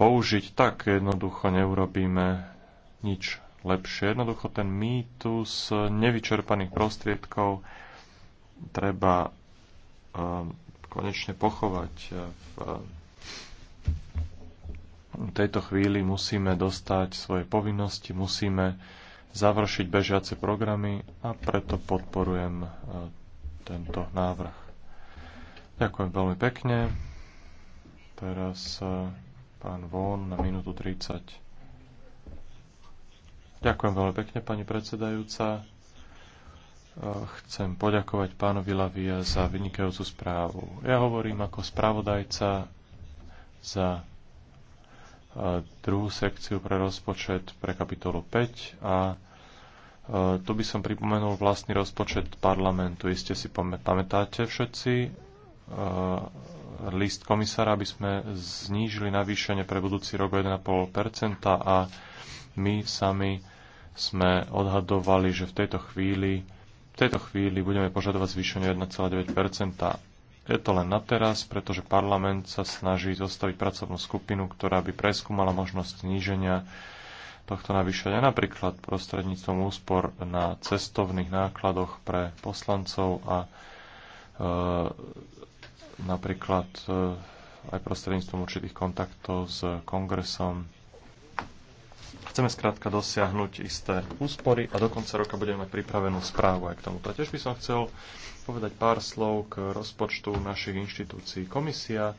použiť, tak jednoducho neurobíme nič lepšie. Jednoducho ten mýtus nevyčerpaných prostriedkov treba ehm, konečne pochovať. Eh, ehm, v tejto chvíli musíme dostať svoje povinnosti, musíme završiť bežiace programy a preto podporujem eh, tento návrh. Ďakujem veľmi pekne. Teraz eh, pán Von na minútu 30. Ďakujem veľmi pekne, pani predsedajúca. E, chcem poďakovať pánovi Lavia za vynikajúcu správu. Ja hovorím ako spravodajca za e, druhú sekciu pre rozpočet pre kapitolu 5 a e, tu by som pripomenul vlastný rozpočet parlamentu. Iste si pamätáte všetci list komisára, aby sme znížili navýšenie pre budúci rok o 1,5% a my sami sme odhadovali, že v tejto chvíli, v tejto chvíli budeme požadovať zvýšenie 1,9 Je to len na teraz, pretože parlament sa snaží zostaviť pracovnú skupinu, ktorá by preskúmala možnosť zníženia tohto navýšenia napríklad prostredníctvom úspor na cestovných nákladoch pre poslancov a e, napríklad e, aj prostredníctvom určitých kontaktov s kongresom Chceme skrátka dosiahnuť isté úspory a do konca roka budeme mať pripravenú správu aj k tomuto. A tiež by som chcel povedať pár slov k rozpočtu našich inštitúcií. Komisia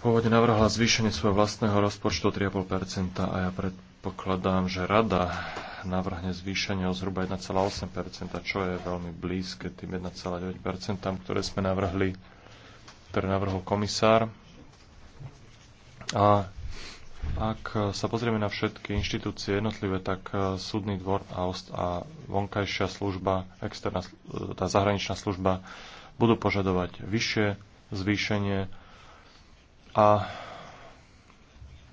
pôvodne navrhla zvýšenie svojho vlastného rozpočtu 3,5% a ja predpokladám, že rada navrhne zvýšenie o zhruba 1,8%, čo je veľmi blízke tým 1,9%, ktoré sme navrhli, ktoré navrhol komisár. A ak eh, sa pozrieme na všetky inštitúcie jednotlivé, tak eh, súdny dvor a, a vonkajšia služba, externá, eh, tá zahraničná služba budú požadovať vyššie zvýšenie a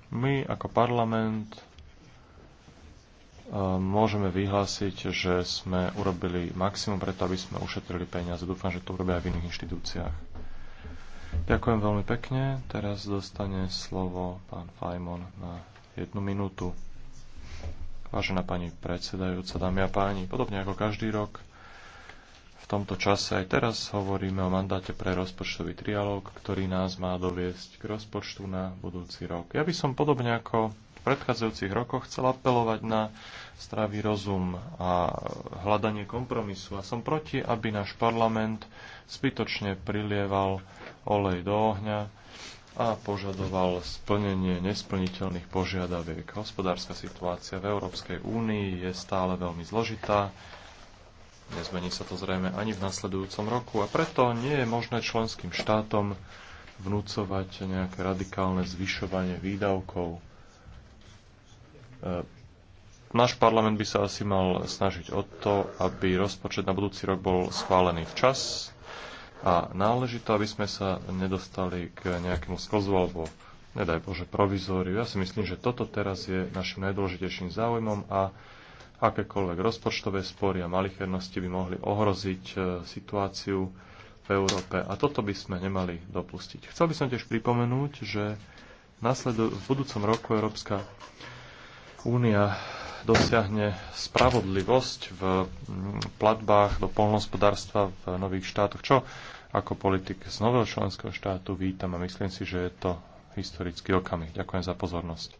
my ako parlament môžeme vyhlásiť, že sme urobili maximum preto, aby sme ušetrili peniaze. Dúfam, že to urobia aj v iných inštitúciách. Ďakujem veľmi pekne. Teraz dostane slovo pán Fajmon na jednu minútu. Vážená pani predsedajúca, dámy a páni, podobne ako každý rok, v tomto čase aj teraz hovoríme o mandáte pre rozpočtový trialóg, ktorý nás má doviesť k rozpočtu na budúci rok. Ja by som podobne ako predchádzajúcich rokoch chcel apelovať na zdravý rozum a hľadanie kompromisu. A som proti, aby náš parlament spytočne prilieval olej do ohňa a požadoval splnenie nesplniteľných požiadaviek. Hospodárska situácia v Európskej únii je stále veľmi zložitá. Nezmení sa to zrejme ani v nasledujúcom roku a preto nie je možné členským štátom vnúcovať nejaké radikálne zvyšovanie výdavkov E, náš parlament by sa asi mal snažiť o to, aby rozpočet na budúci rok bol schválený včas a náležito, aby sme sa nedostali k nejakému sklzu alebo nedaj Bože provizóriu. Ja si myslím, že toto teraz je našim najdôležitejším záujmom a akékoľvek rozpočtové spory a malichernosti by mohli ohroziť e, situáciu v Európe a toto by sme nemali dopustiť. Chcel by som tiež pripomenúť, že v budúcom roku Európska únia dosiahne spravodlivosť v mm, platbách do polnospodárstva v nových štátoch, čo ako politik z nového členského štátu vítam a myslím si, že je to historický okamih. Ďakujem za pozornosť.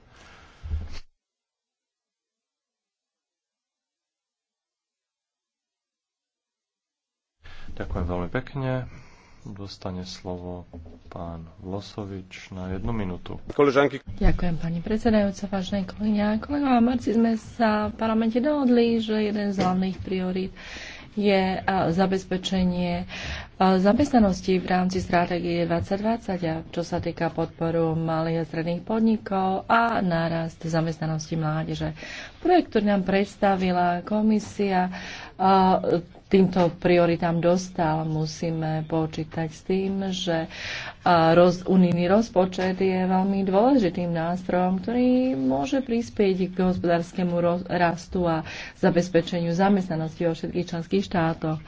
Ďakujem veľmi pekne dostane slovo pán Vlosovič na jednu minútu. Koležanky. Ďakujem pani predsedajúca, vážne kolegyňa. a Marci, sme sa v parlamente dohodli, že jeden z hlavných priorít je zabezpečenie zamestnanosti v rámci stratégie 2020 a čo sa týka podporu malých a stredných podnikov a nárast zamestnanosti mládeže. Projekt, ktorý nám predstavila komisia, týmto prioritám dostal. Musíme počítať s tým, že roz, unijný rozpočet je veľmi dôležitým nástrojom, ktorý môže prispieť k hospodárskému rastu a zabezpečeniu zamestnanosti vo všetkých členských štátoch.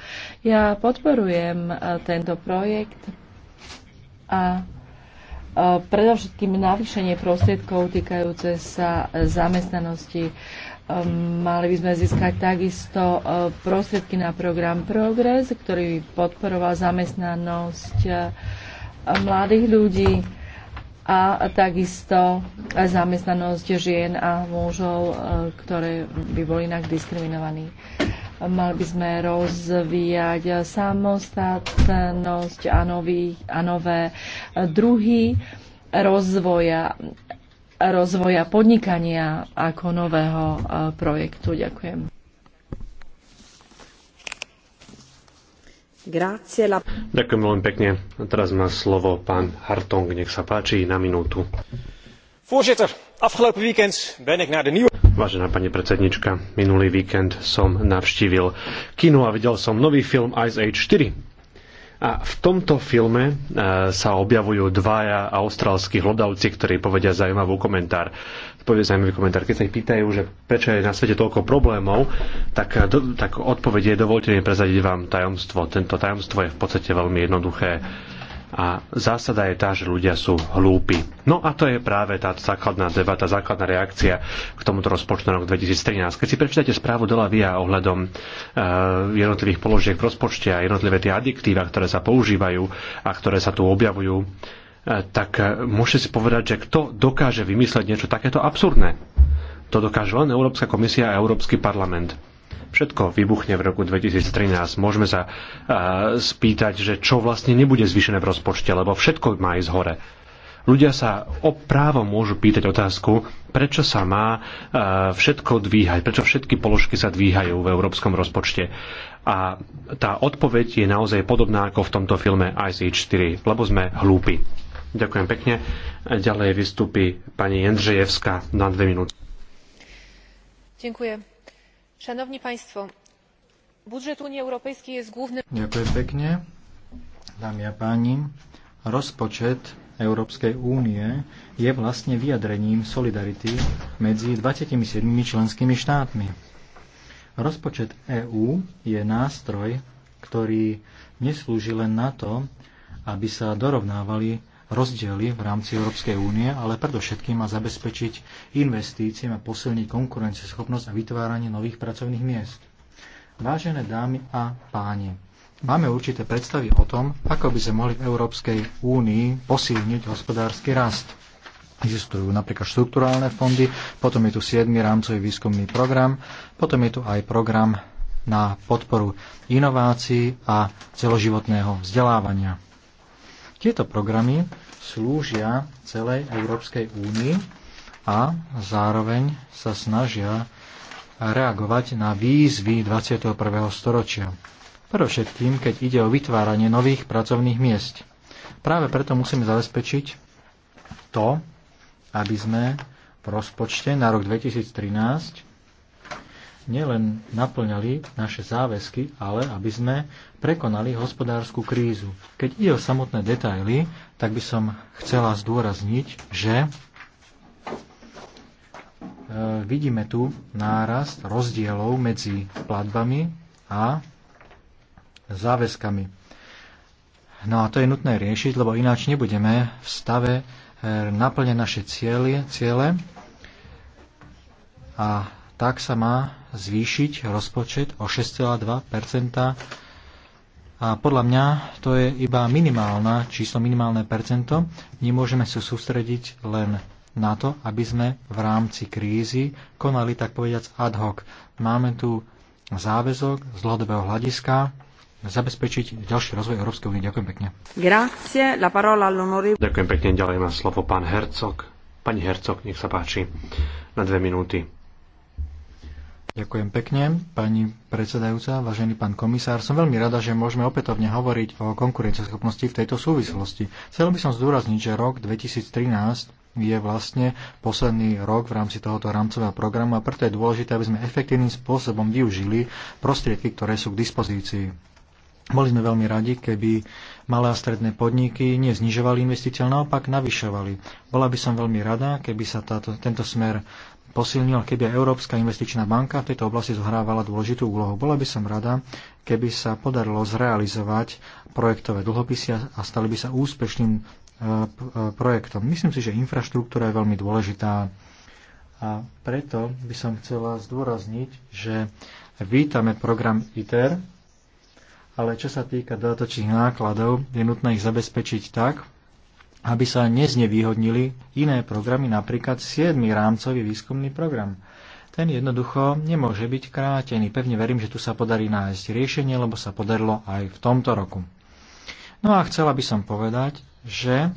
Ja podporujem tento projekt a predovšetkým navýšenie prostriedkov týkajúce sa e, zamestnanosti Ehm, mali by sme získať takisto eh, prostriedky na program Progress, ktorý podporoval zamestnanosť eh, mladých ľudí a takisto zamestnanosť žien a mužov, eh, ktoré by boli inak diskriminovaní. Ehm, mali by sme rozvíjať samostatnosť a, nový, a nové druhy rozvoja rozvoja podnikania ako nového e, projektu. Ďakujem. Ďakujem veľmi pekne. A teraz má slovo pán Hartong. Nech sa páči na minútu. Vážená pani predsednička, minulý víkend som navštívil kino a videl som nový film Ice Age 4 a v tomto filme e, sa objavujú dvaja austrálsky hľadavci, ktorí povedia zaujímavý komentár. povedia zaujímavý komentár. Keď sa ich pýtajú, že prečo je na svete toľko problémov, tak, e, do, tak odpovedie dovolte mi prezadiť vám tajomstvo. Tento tajomstvo je v podstate veľmi jednoduché a zásada je tá, že ľudia sú hlúpi. No a to je práve tá základná debata, základná reakcia k tomuto rozpočtu na rok 2013. Keď si prečítate správu Via ohľadom uh, jednotlivých položiek v rozpočte a jednotlivé tie adiktíva, ktoré sa používajú a ktoré sa tu objavujú, eh, tak eh, môžete si povedať, že kto dokáže vymyslieť niečo takéto absurdné. To dokáže len Európska komisia a Európsky parlament všetko vybuchne v roku 2013, môžeme sa uh, spýtať, že čo vlastne nebude zvýšené v rozpočte, lebo všetko má ísť hore. Ľudia sa o právo môžu pýtať otázku, prečo sa má všetko dvíhať, prečo všetky položky sa dvíhajú v európskom rozpočte. A tá odpoveď je naozaj podobná ako v tomto filme Ice Age 4, lebo sme hlúpi. Ďakujem pekne. Ďalej vystúpi pani Jendřejevská na dve minúty. Ďakujem Šanovní państwo, budžet Únie je głównym... Ďakujem pekne. Dámy a páni, rozpočet Európskej únie je vlastne vyjadrením solidarity medzi 27 členskými štátmi. Rozpočet EÚ je nástroj, ktorý neslúži len na to, aby sa dorovnávali rozdiely v rámci Európskej únie, ale predovšetkým má zabezpečiť investície, a posilniť konkurencieschopnosť a vytváranie nových pracovných miest. Vážené dámy a páni, máme určité predstavy o tom, ako by sme mohli v Európskej únii posilniť hospodársky rast. Existujú napríklad štrukturálne fondy, potom je tu 7. rámcový výskumný program, potom je tu aj program na podporu inovácií a celoživotného vzdelávania. Tieto programy slúžia celej Európskej únii a zároveň sa snažia reagovať na výzvy 21. storočia. Predovšetkým, keď ide o vytváranie nových pracovných miest. Práve preto musíme zabezpečiť to, aby sme v rozpočte na rok 2013 nielen naplňali naše záväzky, ale aby sme prekonali hospodárskú krízu. Keď ide o samotné detaily, tak by som chcela zdôrazniť, že e, vidíme tu nárast rozdielov medzi platbami a záväzkami. No a to je nutné riešiť, lebo ináč nebudeme v stave e, naplňať naše ciele a tak sa má zvýšiť rozpočet o 6,2 a podľa mňa to je iba minimálna číslo, minimálne percento. Nemôžeme sa sústrediť len na to, aby sme v rámci krízy konali tak povediac ad hoc. Máme tu záväzok z dlhodobého hľadiska zabezpečiť ďalší rozvoj Európskej únie. Ďakujem pekne. Grazie, la parola Ďakujem pekne, ďalej má slovo pán Hercog. Pani Hercog, nech sa páči, na dve minúty. Ďakujem pekne, pani predsedajúca, vážený pán komisár. Som veľmi rada, že môžeme opätovne hovoriť o konkurenceschopnosti v tejto súvislosti. Chcel by som zdôrazniť, že rok 2013 je vlastne posledný rok v rámci tohoto rámcového programu a preto je dôležité, aby sme efektívnym spôsobom využili prostriedky, ktoré sú k dispozícii. Boli sme veľmi radi, keby malé a stredné podniky neznižovali investície, ale naopak navyšovali. Bola by som veľmi rada, keby sa táto, tento smer posilnila, keby aj Európska investičná banka v tejto oblasti zohrávala dôležitú úlohu. Bola by som rada, keby sa podarilo zrealizovať projektové dlhopisy a stali by sa úspešným e, e, projektom. Myslím si, že infraštruktúra je veľmi dôležitá a preto by som chcela zdôrazniť, že vítame program ITER, ale čo sa týka dodatočných nákladov, je nutné ich zabezpečiť tak, aby sa neznevýhodnili iné programy, napríklad 7. rámcový výskumný program. Ten jednoducho nemôže byť krátený. Pevne verím, že tu sa podarí nájsť riešenie, lebo sa podarilo aj v tomto roku. No a chcela by som povedať, že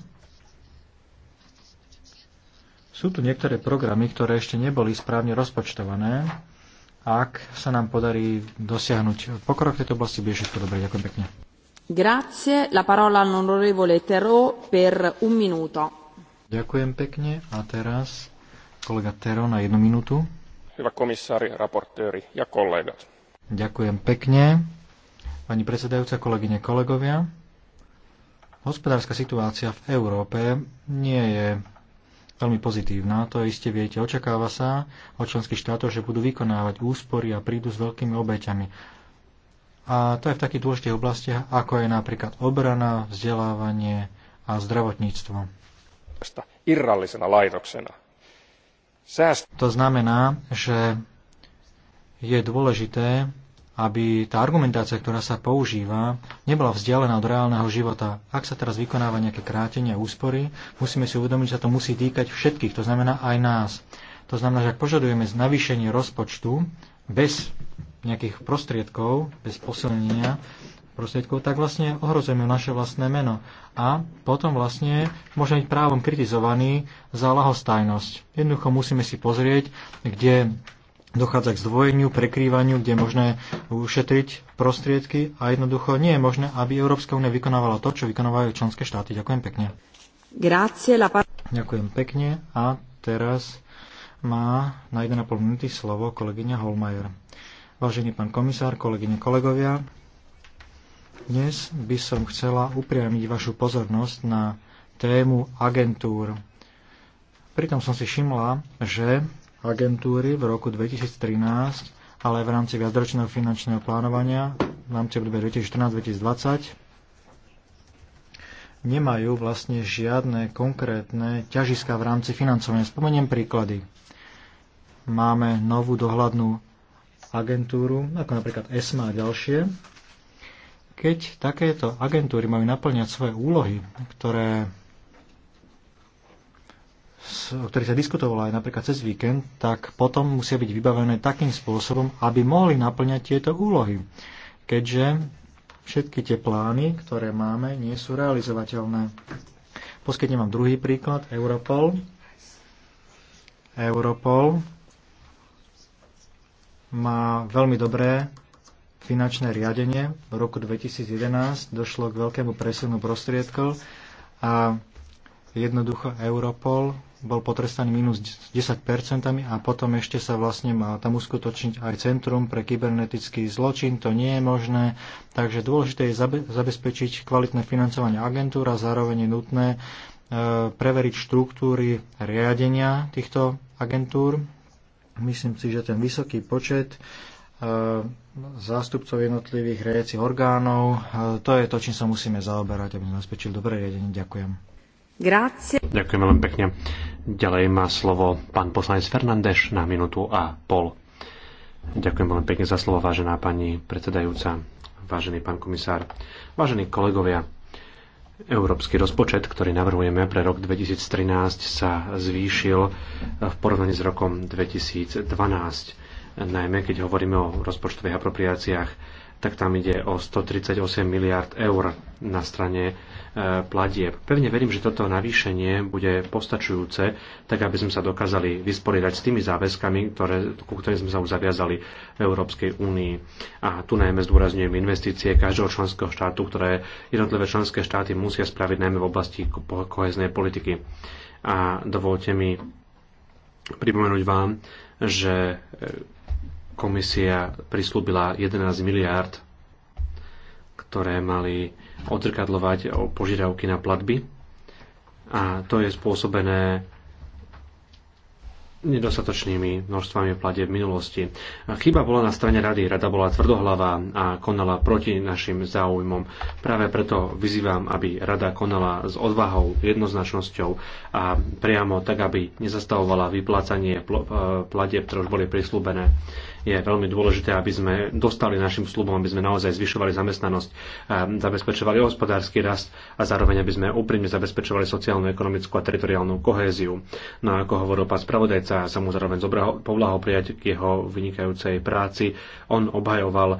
sú tu niektoré programy, ktoré ešte neboli správne rozpočtované. Ak sa nám podarí dosiahnuť pokrok v tejto oblasti, bude všetko dobre. Ďakujem pekne. Grazie. La parola all'onorevole Terò per un minuto. Ďakujem pekne. A teraz kolega Terò na jednu minútu. Hyvä komisári, raportéri ja kollegat. Ďakujem pekne. Pani predsedajúca, kolegyne, kolegovia. Hospodárska situácia v Európe nie je veľmi pozitívna, to iste viete. Očakáva sa od členských štátov, že budú vykonávať úspory a prídu s veľkými obeťami. A to je v takých dôležitých oblastiach, ako je napríklad obrana, vzdelávanie a zdravotníctvo. To znamená, že je dôležité, aby tá argumentácia, ktorá sa používa, nebola vzdialená od reálneho života. Ak sa teraz vykonáva nejaké krátenie úspory, musíme si uvedomiť, že sa to musí týkať všetkých, to znamená aj nás. To znamená, že ak požadujeme navýšenie rozpočtu bez nejakých prostriedkov, bez posilnenia prostriedkov, tak vlastne ohrozujeme naše vlastné meno. A potom vlastne môžeme byť právom kritizovaní za lahostajnosť. Jednoducho musíme si pozrieť, kde dochádza k zdvojeniu, prekrývaniu, kde je možné ušetriť prostriedky a jednoducho nie je možné, aby Európska únia vykonávala to, čo vykonávajú členské štáty. Ďakujem pekne. Grazie, la... Ďakujem pekne a teraz má na 1,5 minúty slovo kolegyňa Holmajer. Vážený pán komisár, kolegyne, kolegovia, dnes by som chcela upriamiť vašu pozornosť na tému agentúr. Pritom som si všimla, že agentúry v roku 2013, ale aj v rámci viacročného finančného plánovania, v rámci obdobia 2014-2020, nemajú vlastne žiadne konkrétne ťažiska v rámci financovania. Spomeniem príklady. Máme novú dohľadnú agentúru, ako napríklad ESMA a ďalšie. Keď takéto agentúry majú naplňať svoje úlohy, ktoré, o ktorých sa diskutovalo aj napríklad cez víkend, tak potom musia byť vybavené takým spôsobom, aby mohli naplňať tieto úlohy. Keďže všetky tie plány, ktoré máme, nie sú realizovateľné. Poskytnem vám druhý príklad, Europol. Europol má veľmi dobré finančné riadenie. V roku 2011 došlo k veľkému presunu prostriedkov a jednoducho Europol bol potrestaný minus 10% a potom ešte sa vlastne má tam uskutočniť aj Centrum pre kybernetický zločin. To nie je možné, takže dôležité je zabezpečiť kvalitné financovanie agentúr a zároveň je nutné e, preveriť štruktúry riadenia týchto agentúr, Myslím si, že ten vysoký počet e, zástupcov jednotlivých riadiacich orgánov. E, to je to, čím sa musíme zaoberať, aby sme zabezpečili dobré riadenie. Ďakujem. Grácie. Ďakujem veľmi pekne. Ďalej má slovo pán poslanec Fernández na minútu a pol. Ďakujem veľmi pekne za slovo, vážená pani predsedajúca, vážený pán komisár, vážení kolegovia. Európsky rozpočet, ktorý navrhujeme pre rok 2013, sa zvýšil v porovnaní s rokom 2012, najmä keď hovoríme o rozpočtových apropriáciách tak tam ide o 138 miliard eur na strane e, platieb. Pevne verím, že toto navýšenie bude postačujúce, tak aby sme sa dokázali vysporiadať s tými záväzkami, ktoré, ku ktorým sme sa už zaviazali v Európskej únii. A tu najmä zdôrazňujem investície každého členského štátu, ktoré jednotlivé členské štáty musia spraviť najmä v oblasti koheznej politiky. A dovolte mi pripomenúť vám, že e, komisia prislúbila 11 miliárd, ktoré mali odzrkadlovať o požiadavky na platby. A to je spôsobené nedostatočnými množstvami platieb v minulosti. Chyba bola na strane rady, rada bola tvrdohlavá a konala proti našim záujmom. Práve preto vyzývam, aby rada konala s odvahou, jednoznačnosťou a priamo tak, aby nezastavovala vyplácanie e, platieb, ktoré už boli prislúbené je veľmi dôležité, aby sme dostali našim slubom, aby sme naozaj zvyšovali zamestnanosť, e, zabezpečovali hospodársky rast a zároveň, aby sme úprimne zabezpečovali sociálnu, ekonomickú a teritoriálnu kohéziu. No a ako hovoril pán spravodajca, sa mu zároveň povlaho prijať k jeho vynikajúcej práci. On obhajoval e,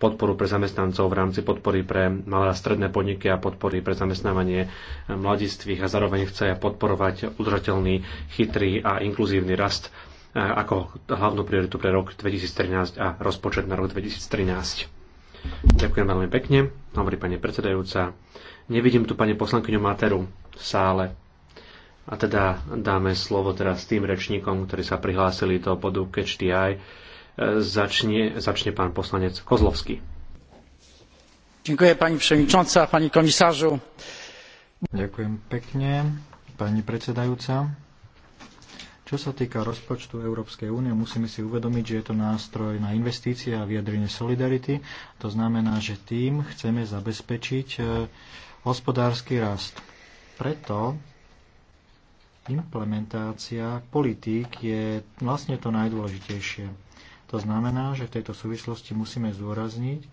podporu pre zamestnancov v rámci podpory pre malé a stredné podniky a podpory pre zamestnávanie e, mladistvých a zároveň chce podporovať udržateľný, chytrý a inkluzívny rast Eh, ako hlavnú prioritu pre rok 2013 a rozpočet na rok 2013. Ďakujem veľmi pekne, hovorí pani predsedajúca. Nevidím tu pani poslankyňu Materu v sále. A teda dáme slovo teraz tým rečníkom, ktorí sa prihlásili do bodu Catch the Eye. Eh, začne, začne pán poslanec Kozlovský. Ďakujem pani predsedajúca, pani komisážu. Ďakujem pekne, pani predsedajúca. Čo sa týka rozpočtu Európskej únie, musíme si uvedomiť, že je to nástroj na investície a vyjadrenie solidarity. To znamená, že tým chceme zabezpečiť e, hospodársky rast. Preto implementácia politík je vlastne to najdôležitejšie. To znamená, že v tejto súvislosti musíme zdôrazniť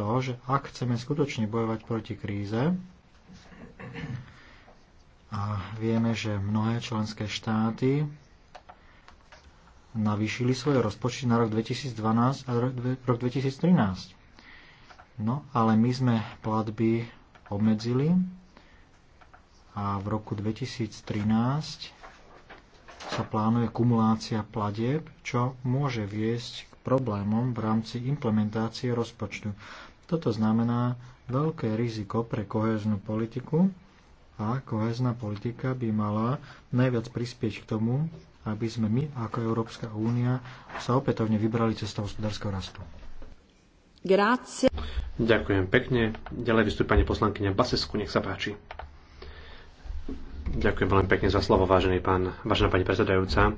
to, že ak chceme skutočne bojovať proti kríze, a vieme, že mnohé členské štáty navýšili svoje rozpočty na rok 2012 a rok 2013. No, ale my sme platby obmedzili a v roku 2013 sa plánuje kumulácia platieb, čo môže viesť k problémom v rámci implementácie rozpočtu. Toto znamená veľké riziko pre koheznú politiku a kohezná politika by mala najviac prispieť k tomu, aby sme my ako Európska únia sa opätovne vybrali cestou hospodárskeho rastu. Grácie. Ďakujem pekne. Ďalej vystúpi pani poslankyňa Basesku, nech sa páči. Ďakujem veľmi pekne za slovo, vážený pán, vážená pani predsedajúca.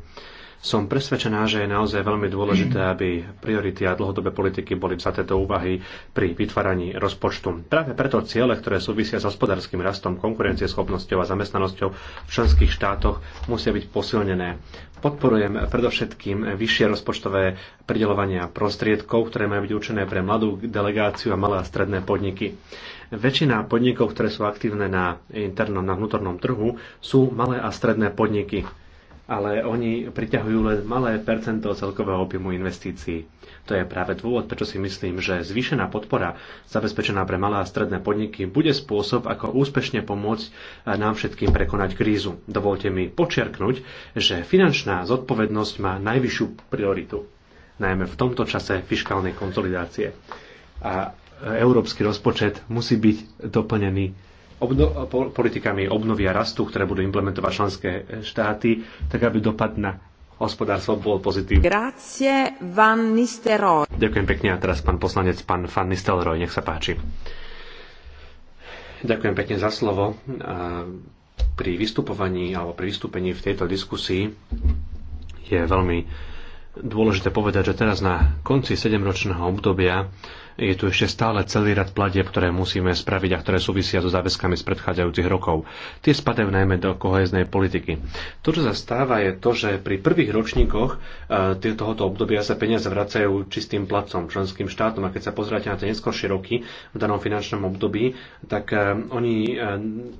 Som presvedčená, že je naozaj veľmi dôležité, aby priority a dlhodobé politiky boli vzaté do úvahy pri vytváraní rozpočtu. Práve preto ciele, ktoré súvisia s hospodárskym rastom, konkurencieschopnosťou a zamestnanosťou v členských štátoch, musia byť posilnené. Podporujem predovšetkým vyššie rozpočtové pridelovania prostriedkov, ktoré majú byť určené pre mladú delegáciu a malé a stredné podniky. Väčšina podnikov, ktoré sú aktívne na internom, na vnútornom trhu, sú malé a stredné podniky ale oni priťahujú len malé percento celkového objemu investícií. To je práve dôvod, prečo si myslím, že zvýšená podpora zabezpečená pre malé a stredné podniky bude spôsob, ako úspešne pomôcť eh, nám všetkým prekonať krízu. Dovolte mi počiarknúť, že finančná zodpovednosť má najvyššiu prioritu, najmä v tomto čase fiskálnej konsolidácie. A eh, európsky rozpočet musí byť doplnený obno- politikami obnovia rastu, ktoré budú implementovať členské e, štáty, tak aby dopad na hospodárstvo bol pozitívny. Grazie, Van Nistelrooy. Ďakujem pekne a teraz pán poslanec, pán Van Nistelrooy, nech sa páči. Ďakujem pekne za slovo. Pri vystupovaní alebo pri vystúpení v tejto diskusii je veľmi dôležité povedať, že teraz na konci 7-ročného obdobia je tu ešte stále celý rad platieb, ktoré musíme spraviť a ktoré súvisia so záväzkami z predchádzajúcich rokov. Tie spadajú najmä do koheznej politiky. To, čo sa stáva, je to, že pri prvých ročníkoch e, tohoto obdobia sa peniaze vracajú čistým placom členským štátom a keď sa pozráte na tie neskoršie roky v danom finančnom období, tak e, oni e,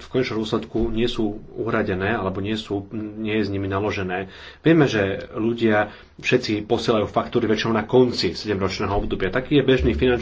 v konečnom dôsledku nie sú uhradené alebo nie, sú, nie je s nimi naložené. Vieme, že ľudia všetci posielajú faktúry väčšinou na konci 7-ročného obdobia. Taký je bežný finančný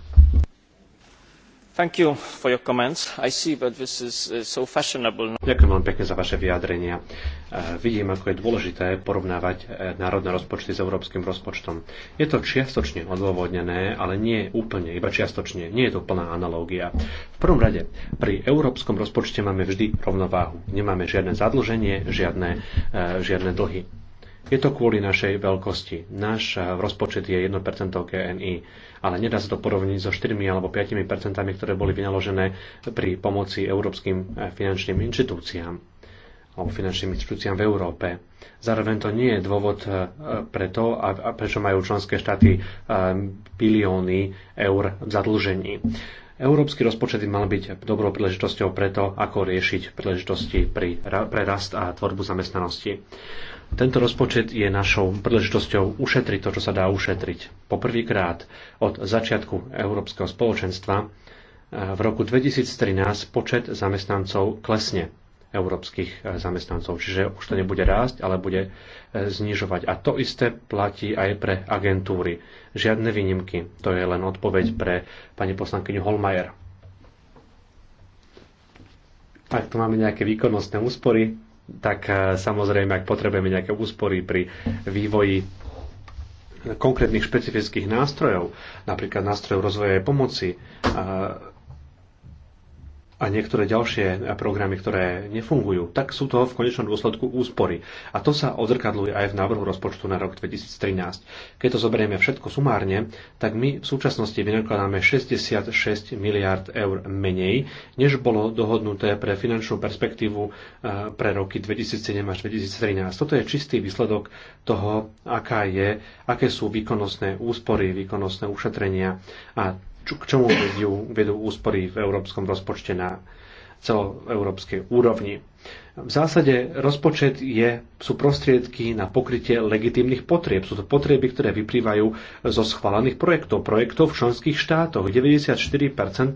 Uh, Ďakujem veľmi pekne za vaše vyjadrenia. Uh, vidím, ako je dôležité porovnávať uh, národné rozpočty s európskym rozpočtom. Je to čiastočne odôvodnené, ale nie úplne, iba čiastočne. Nie je to plná analógia. V prvom rade, pri európskom rozpočte máme vždy rovnováhu. Nemáme žiadne zadlženie, žiadne, žiadne dlhy je to kvôli našej veľkosti. Náš eh, rozpočet je 1% GNI, ale nedá sa to porovniť so 4 alebo 5 ktoré boli vynaložené pri pomoci európskym eh, finančným inštitúciám alebo finančným inštitúciám v Európe. Zároveň to nie je dôvod eh, preto, a prečo majú členské štáty bilióny eur v zadlžení. Európsky rozpočet by mal byť dobrou príležitosťou preto, ako riešiť príležitosti pre rast a tvorbu zamestnanosti. Tento rozpočet je našou príležitosťou ušetriť to, čo sa dá ušetriť. Poprvýkrát od začiatku Európskeho spoločenstva eh, v roku 2013 počet zamestnancov klesne európskych eh, zamestnancov. Čiže už to nebude rásť, ale bude eh, znižovať. A to isté platí aj pre agentúry. Žiadne výnimky. To je len odpoveď pre pani poslankyňu Holmajer. Ak tu máme nejaké výkonnostné úspory, tak eh, samozrejme, ak potrebujeme nejaké úspory pri vývoji konkrétnych špecifických nástrojov, napríklad nástrojov rozvoja pomoci, eh, a niektoré ďalšie programy, ktoré nefungujú, tak sú to v konečnom dôsledku úspory. A to sa odzrkadluje aj v návrhu rozpočtu na rok 2013. Keď to zoberieme všetko sumárne, tak my v súčasnosti vynakladáme 66 miliard eur menej, než bolo dohodnuté pre finančnú perspektívu e, pre roky 2007 až 2013. Toto je čistý výsledok toho, aká je, aké sú výkonnostné úspory, výkonnostné ušetrenia a k čomu vedú, vedú úspory v európskom rozpočte na celoeurópskej úrovni. V zásade rozpočet je, sú prostriedky na pokrytie legitímnych potrieb. Sú to potreby, ktoré vyplývajú zo schválených projektov. Projektov v členských štátoch. 94%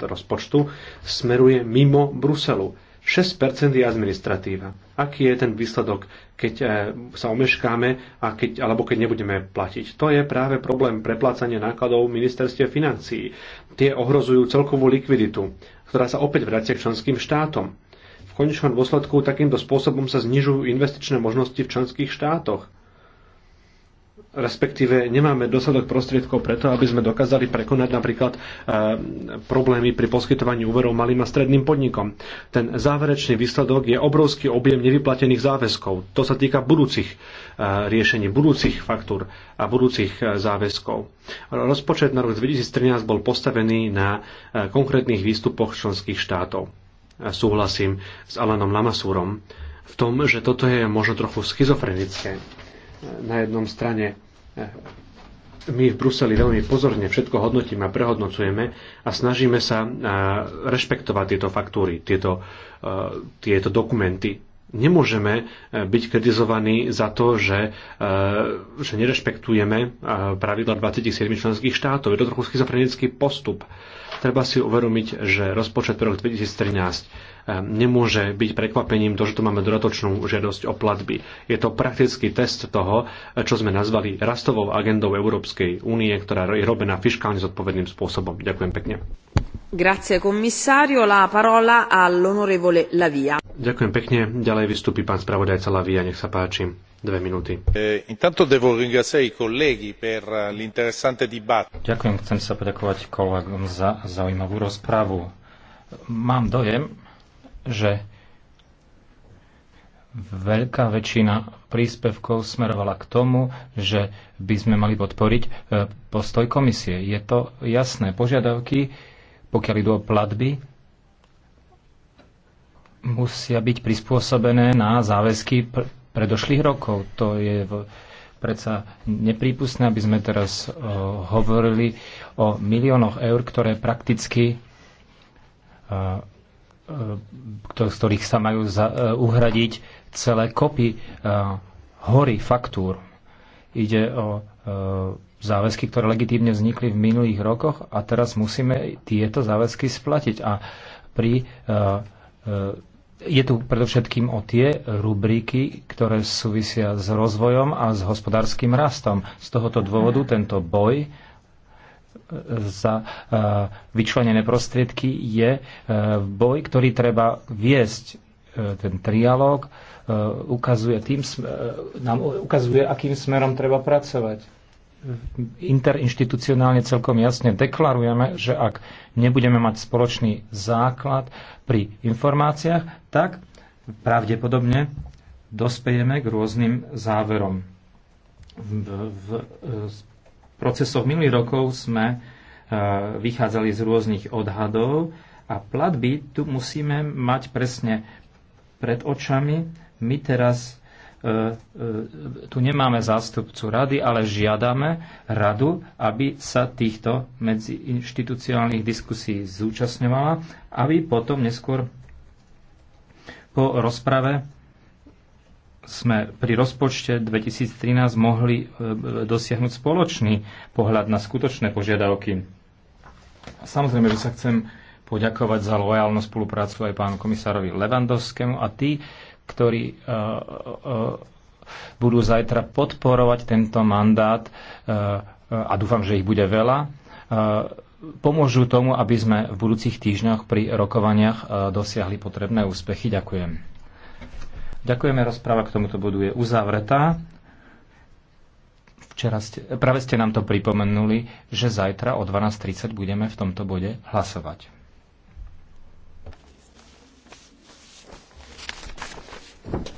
rozpočtu smeruje mimo Bruselu. 6% je administratíva. Aký je ten výsledok, keď e, sa omeškáme a keď, alebo keď nebudeme platiť? To je práve problém preplácania nákladov ministerstve financií. Tie ohrozujú celkovú likviditu, ktorá sa opäť vracia k členským štátom. V konečnom dôsledku takýmto spôsobom sa znižujú investičné možnosti v členských štátoch respektíve nemáme dosadok prostriedkov preto, aby sme dokázali prekonať napríklad e, problémy pri poskytovaní úverov malým a stredným podnikom. Ten záverečný výsledok je obrovský objem nevyplatených záväzkov. To sa týka budúcich e, riešení, budúcich faktúr a budúcich e, záväzkov. Rozpočet na rok 2013 bol postavený na konkrétnych výstupoch členských štátov. Súhlasím s Alanom Lamasúrom v tom, že toto je možno trochu schizofrenické na jednom strane my v Bruseli veľmi pozorne všetko hodnotíme a prehodnocujeme a snažíme sa rešpektovať tieto faktúry, tieto, tieto dokumenty. Nemôžeme e, byť kritizovaní za to, že, e, že nerešpektujeme e, pravidla 27 členských štátov. Je to trochu schizofrenický postup. Treba si uvedomiť, že rozpočet pre rok 2013 nemôže byť prekvapením to, že tu máme dodatočnú žiadosť o platby. Je to praktický test toho, čo sme nazvali rastovou agendou Európskej únie, ktorá je robená fiskálne zodpovedným spôsobom. Ďakujem pekne. Grazie, La parola Lavia. Ďakujem pekne. Ďalej vystúpi pán spravodajca Lavia. Nech sa páči. Dve minúty. Eh, Ďakujem, chcem sa poďakovať kolegom za zaujímavú rozpravu. Mám dojem, že veľká väčšina príspevkov smerovala k tomu, že by sme mali podporiť e, postoj komisie. Je to jasné. Požiadavky, pokiaľ idú o platby, musia byť prispôsobené na záväzky pr- predošlých rokov. To je v, predsa neprípustné, aby sme teraz o, e, hovorili o miliónoch eur, ktoré prakticky o, e, E, z ktorých sa majú e, uhradiť celé kopy e, hory faktúr. Ide o záväzky, ktoré legitímne vznikli v minulých rokoch a teraz musíme tieto záväzky splatiť. A pri, je tu predovšetkým o tie rubriky, ktoré súvisia s rozvojom a s hospodárským rastom. Z tohoto dôvodu tento boj za e, vyčlenené prostriedky je e, boj, ktorý treba viesť e, ten trialóg ukazuje tým, nám ukazuje, akým smerom treba pracovať. Interinstitucionálne celkom jasne deklarujeme, že ak nebudeme mať spoločný základ pri informáciách, tak pravdepodobne dospejeme k rôznym záverom. V, v, procesoch minulých rokov sme e, vychádzali z rôznych odhadov a platby tu musíme mať presne pred očami. My teraz e, e, tu nemáme zástupcu rady, ale žiadame radu, aby sa týchto medziinštitucionálnych diskusí zúčastňovala, aby potom neskôr po rozprave sme pri rozpočte 2013 mohli e, e, dosiahnuť spoločný pohľad na skutočné požiadavky. Samozrejme, že sa chcem poďakovať za lojálnu spoluprácu aj pánu komisárovi Levandovskému a tí, ktorí uh, uh, budú zajtra podporovať tento mandát uh, a dúfam, že ich bude veľa, pomôžu tomu, aby sme v budúcich týždňoch pri rokovaniach dosiahli potrebné úspechy. Ďakujem. Ďakujeme, rozpráva k tomuto bodu je uzavretá. Včera ste, práve ste nám to pripomenuli, že zajtra o 12.30 budeme v tomto bode hlasovať. Thank you.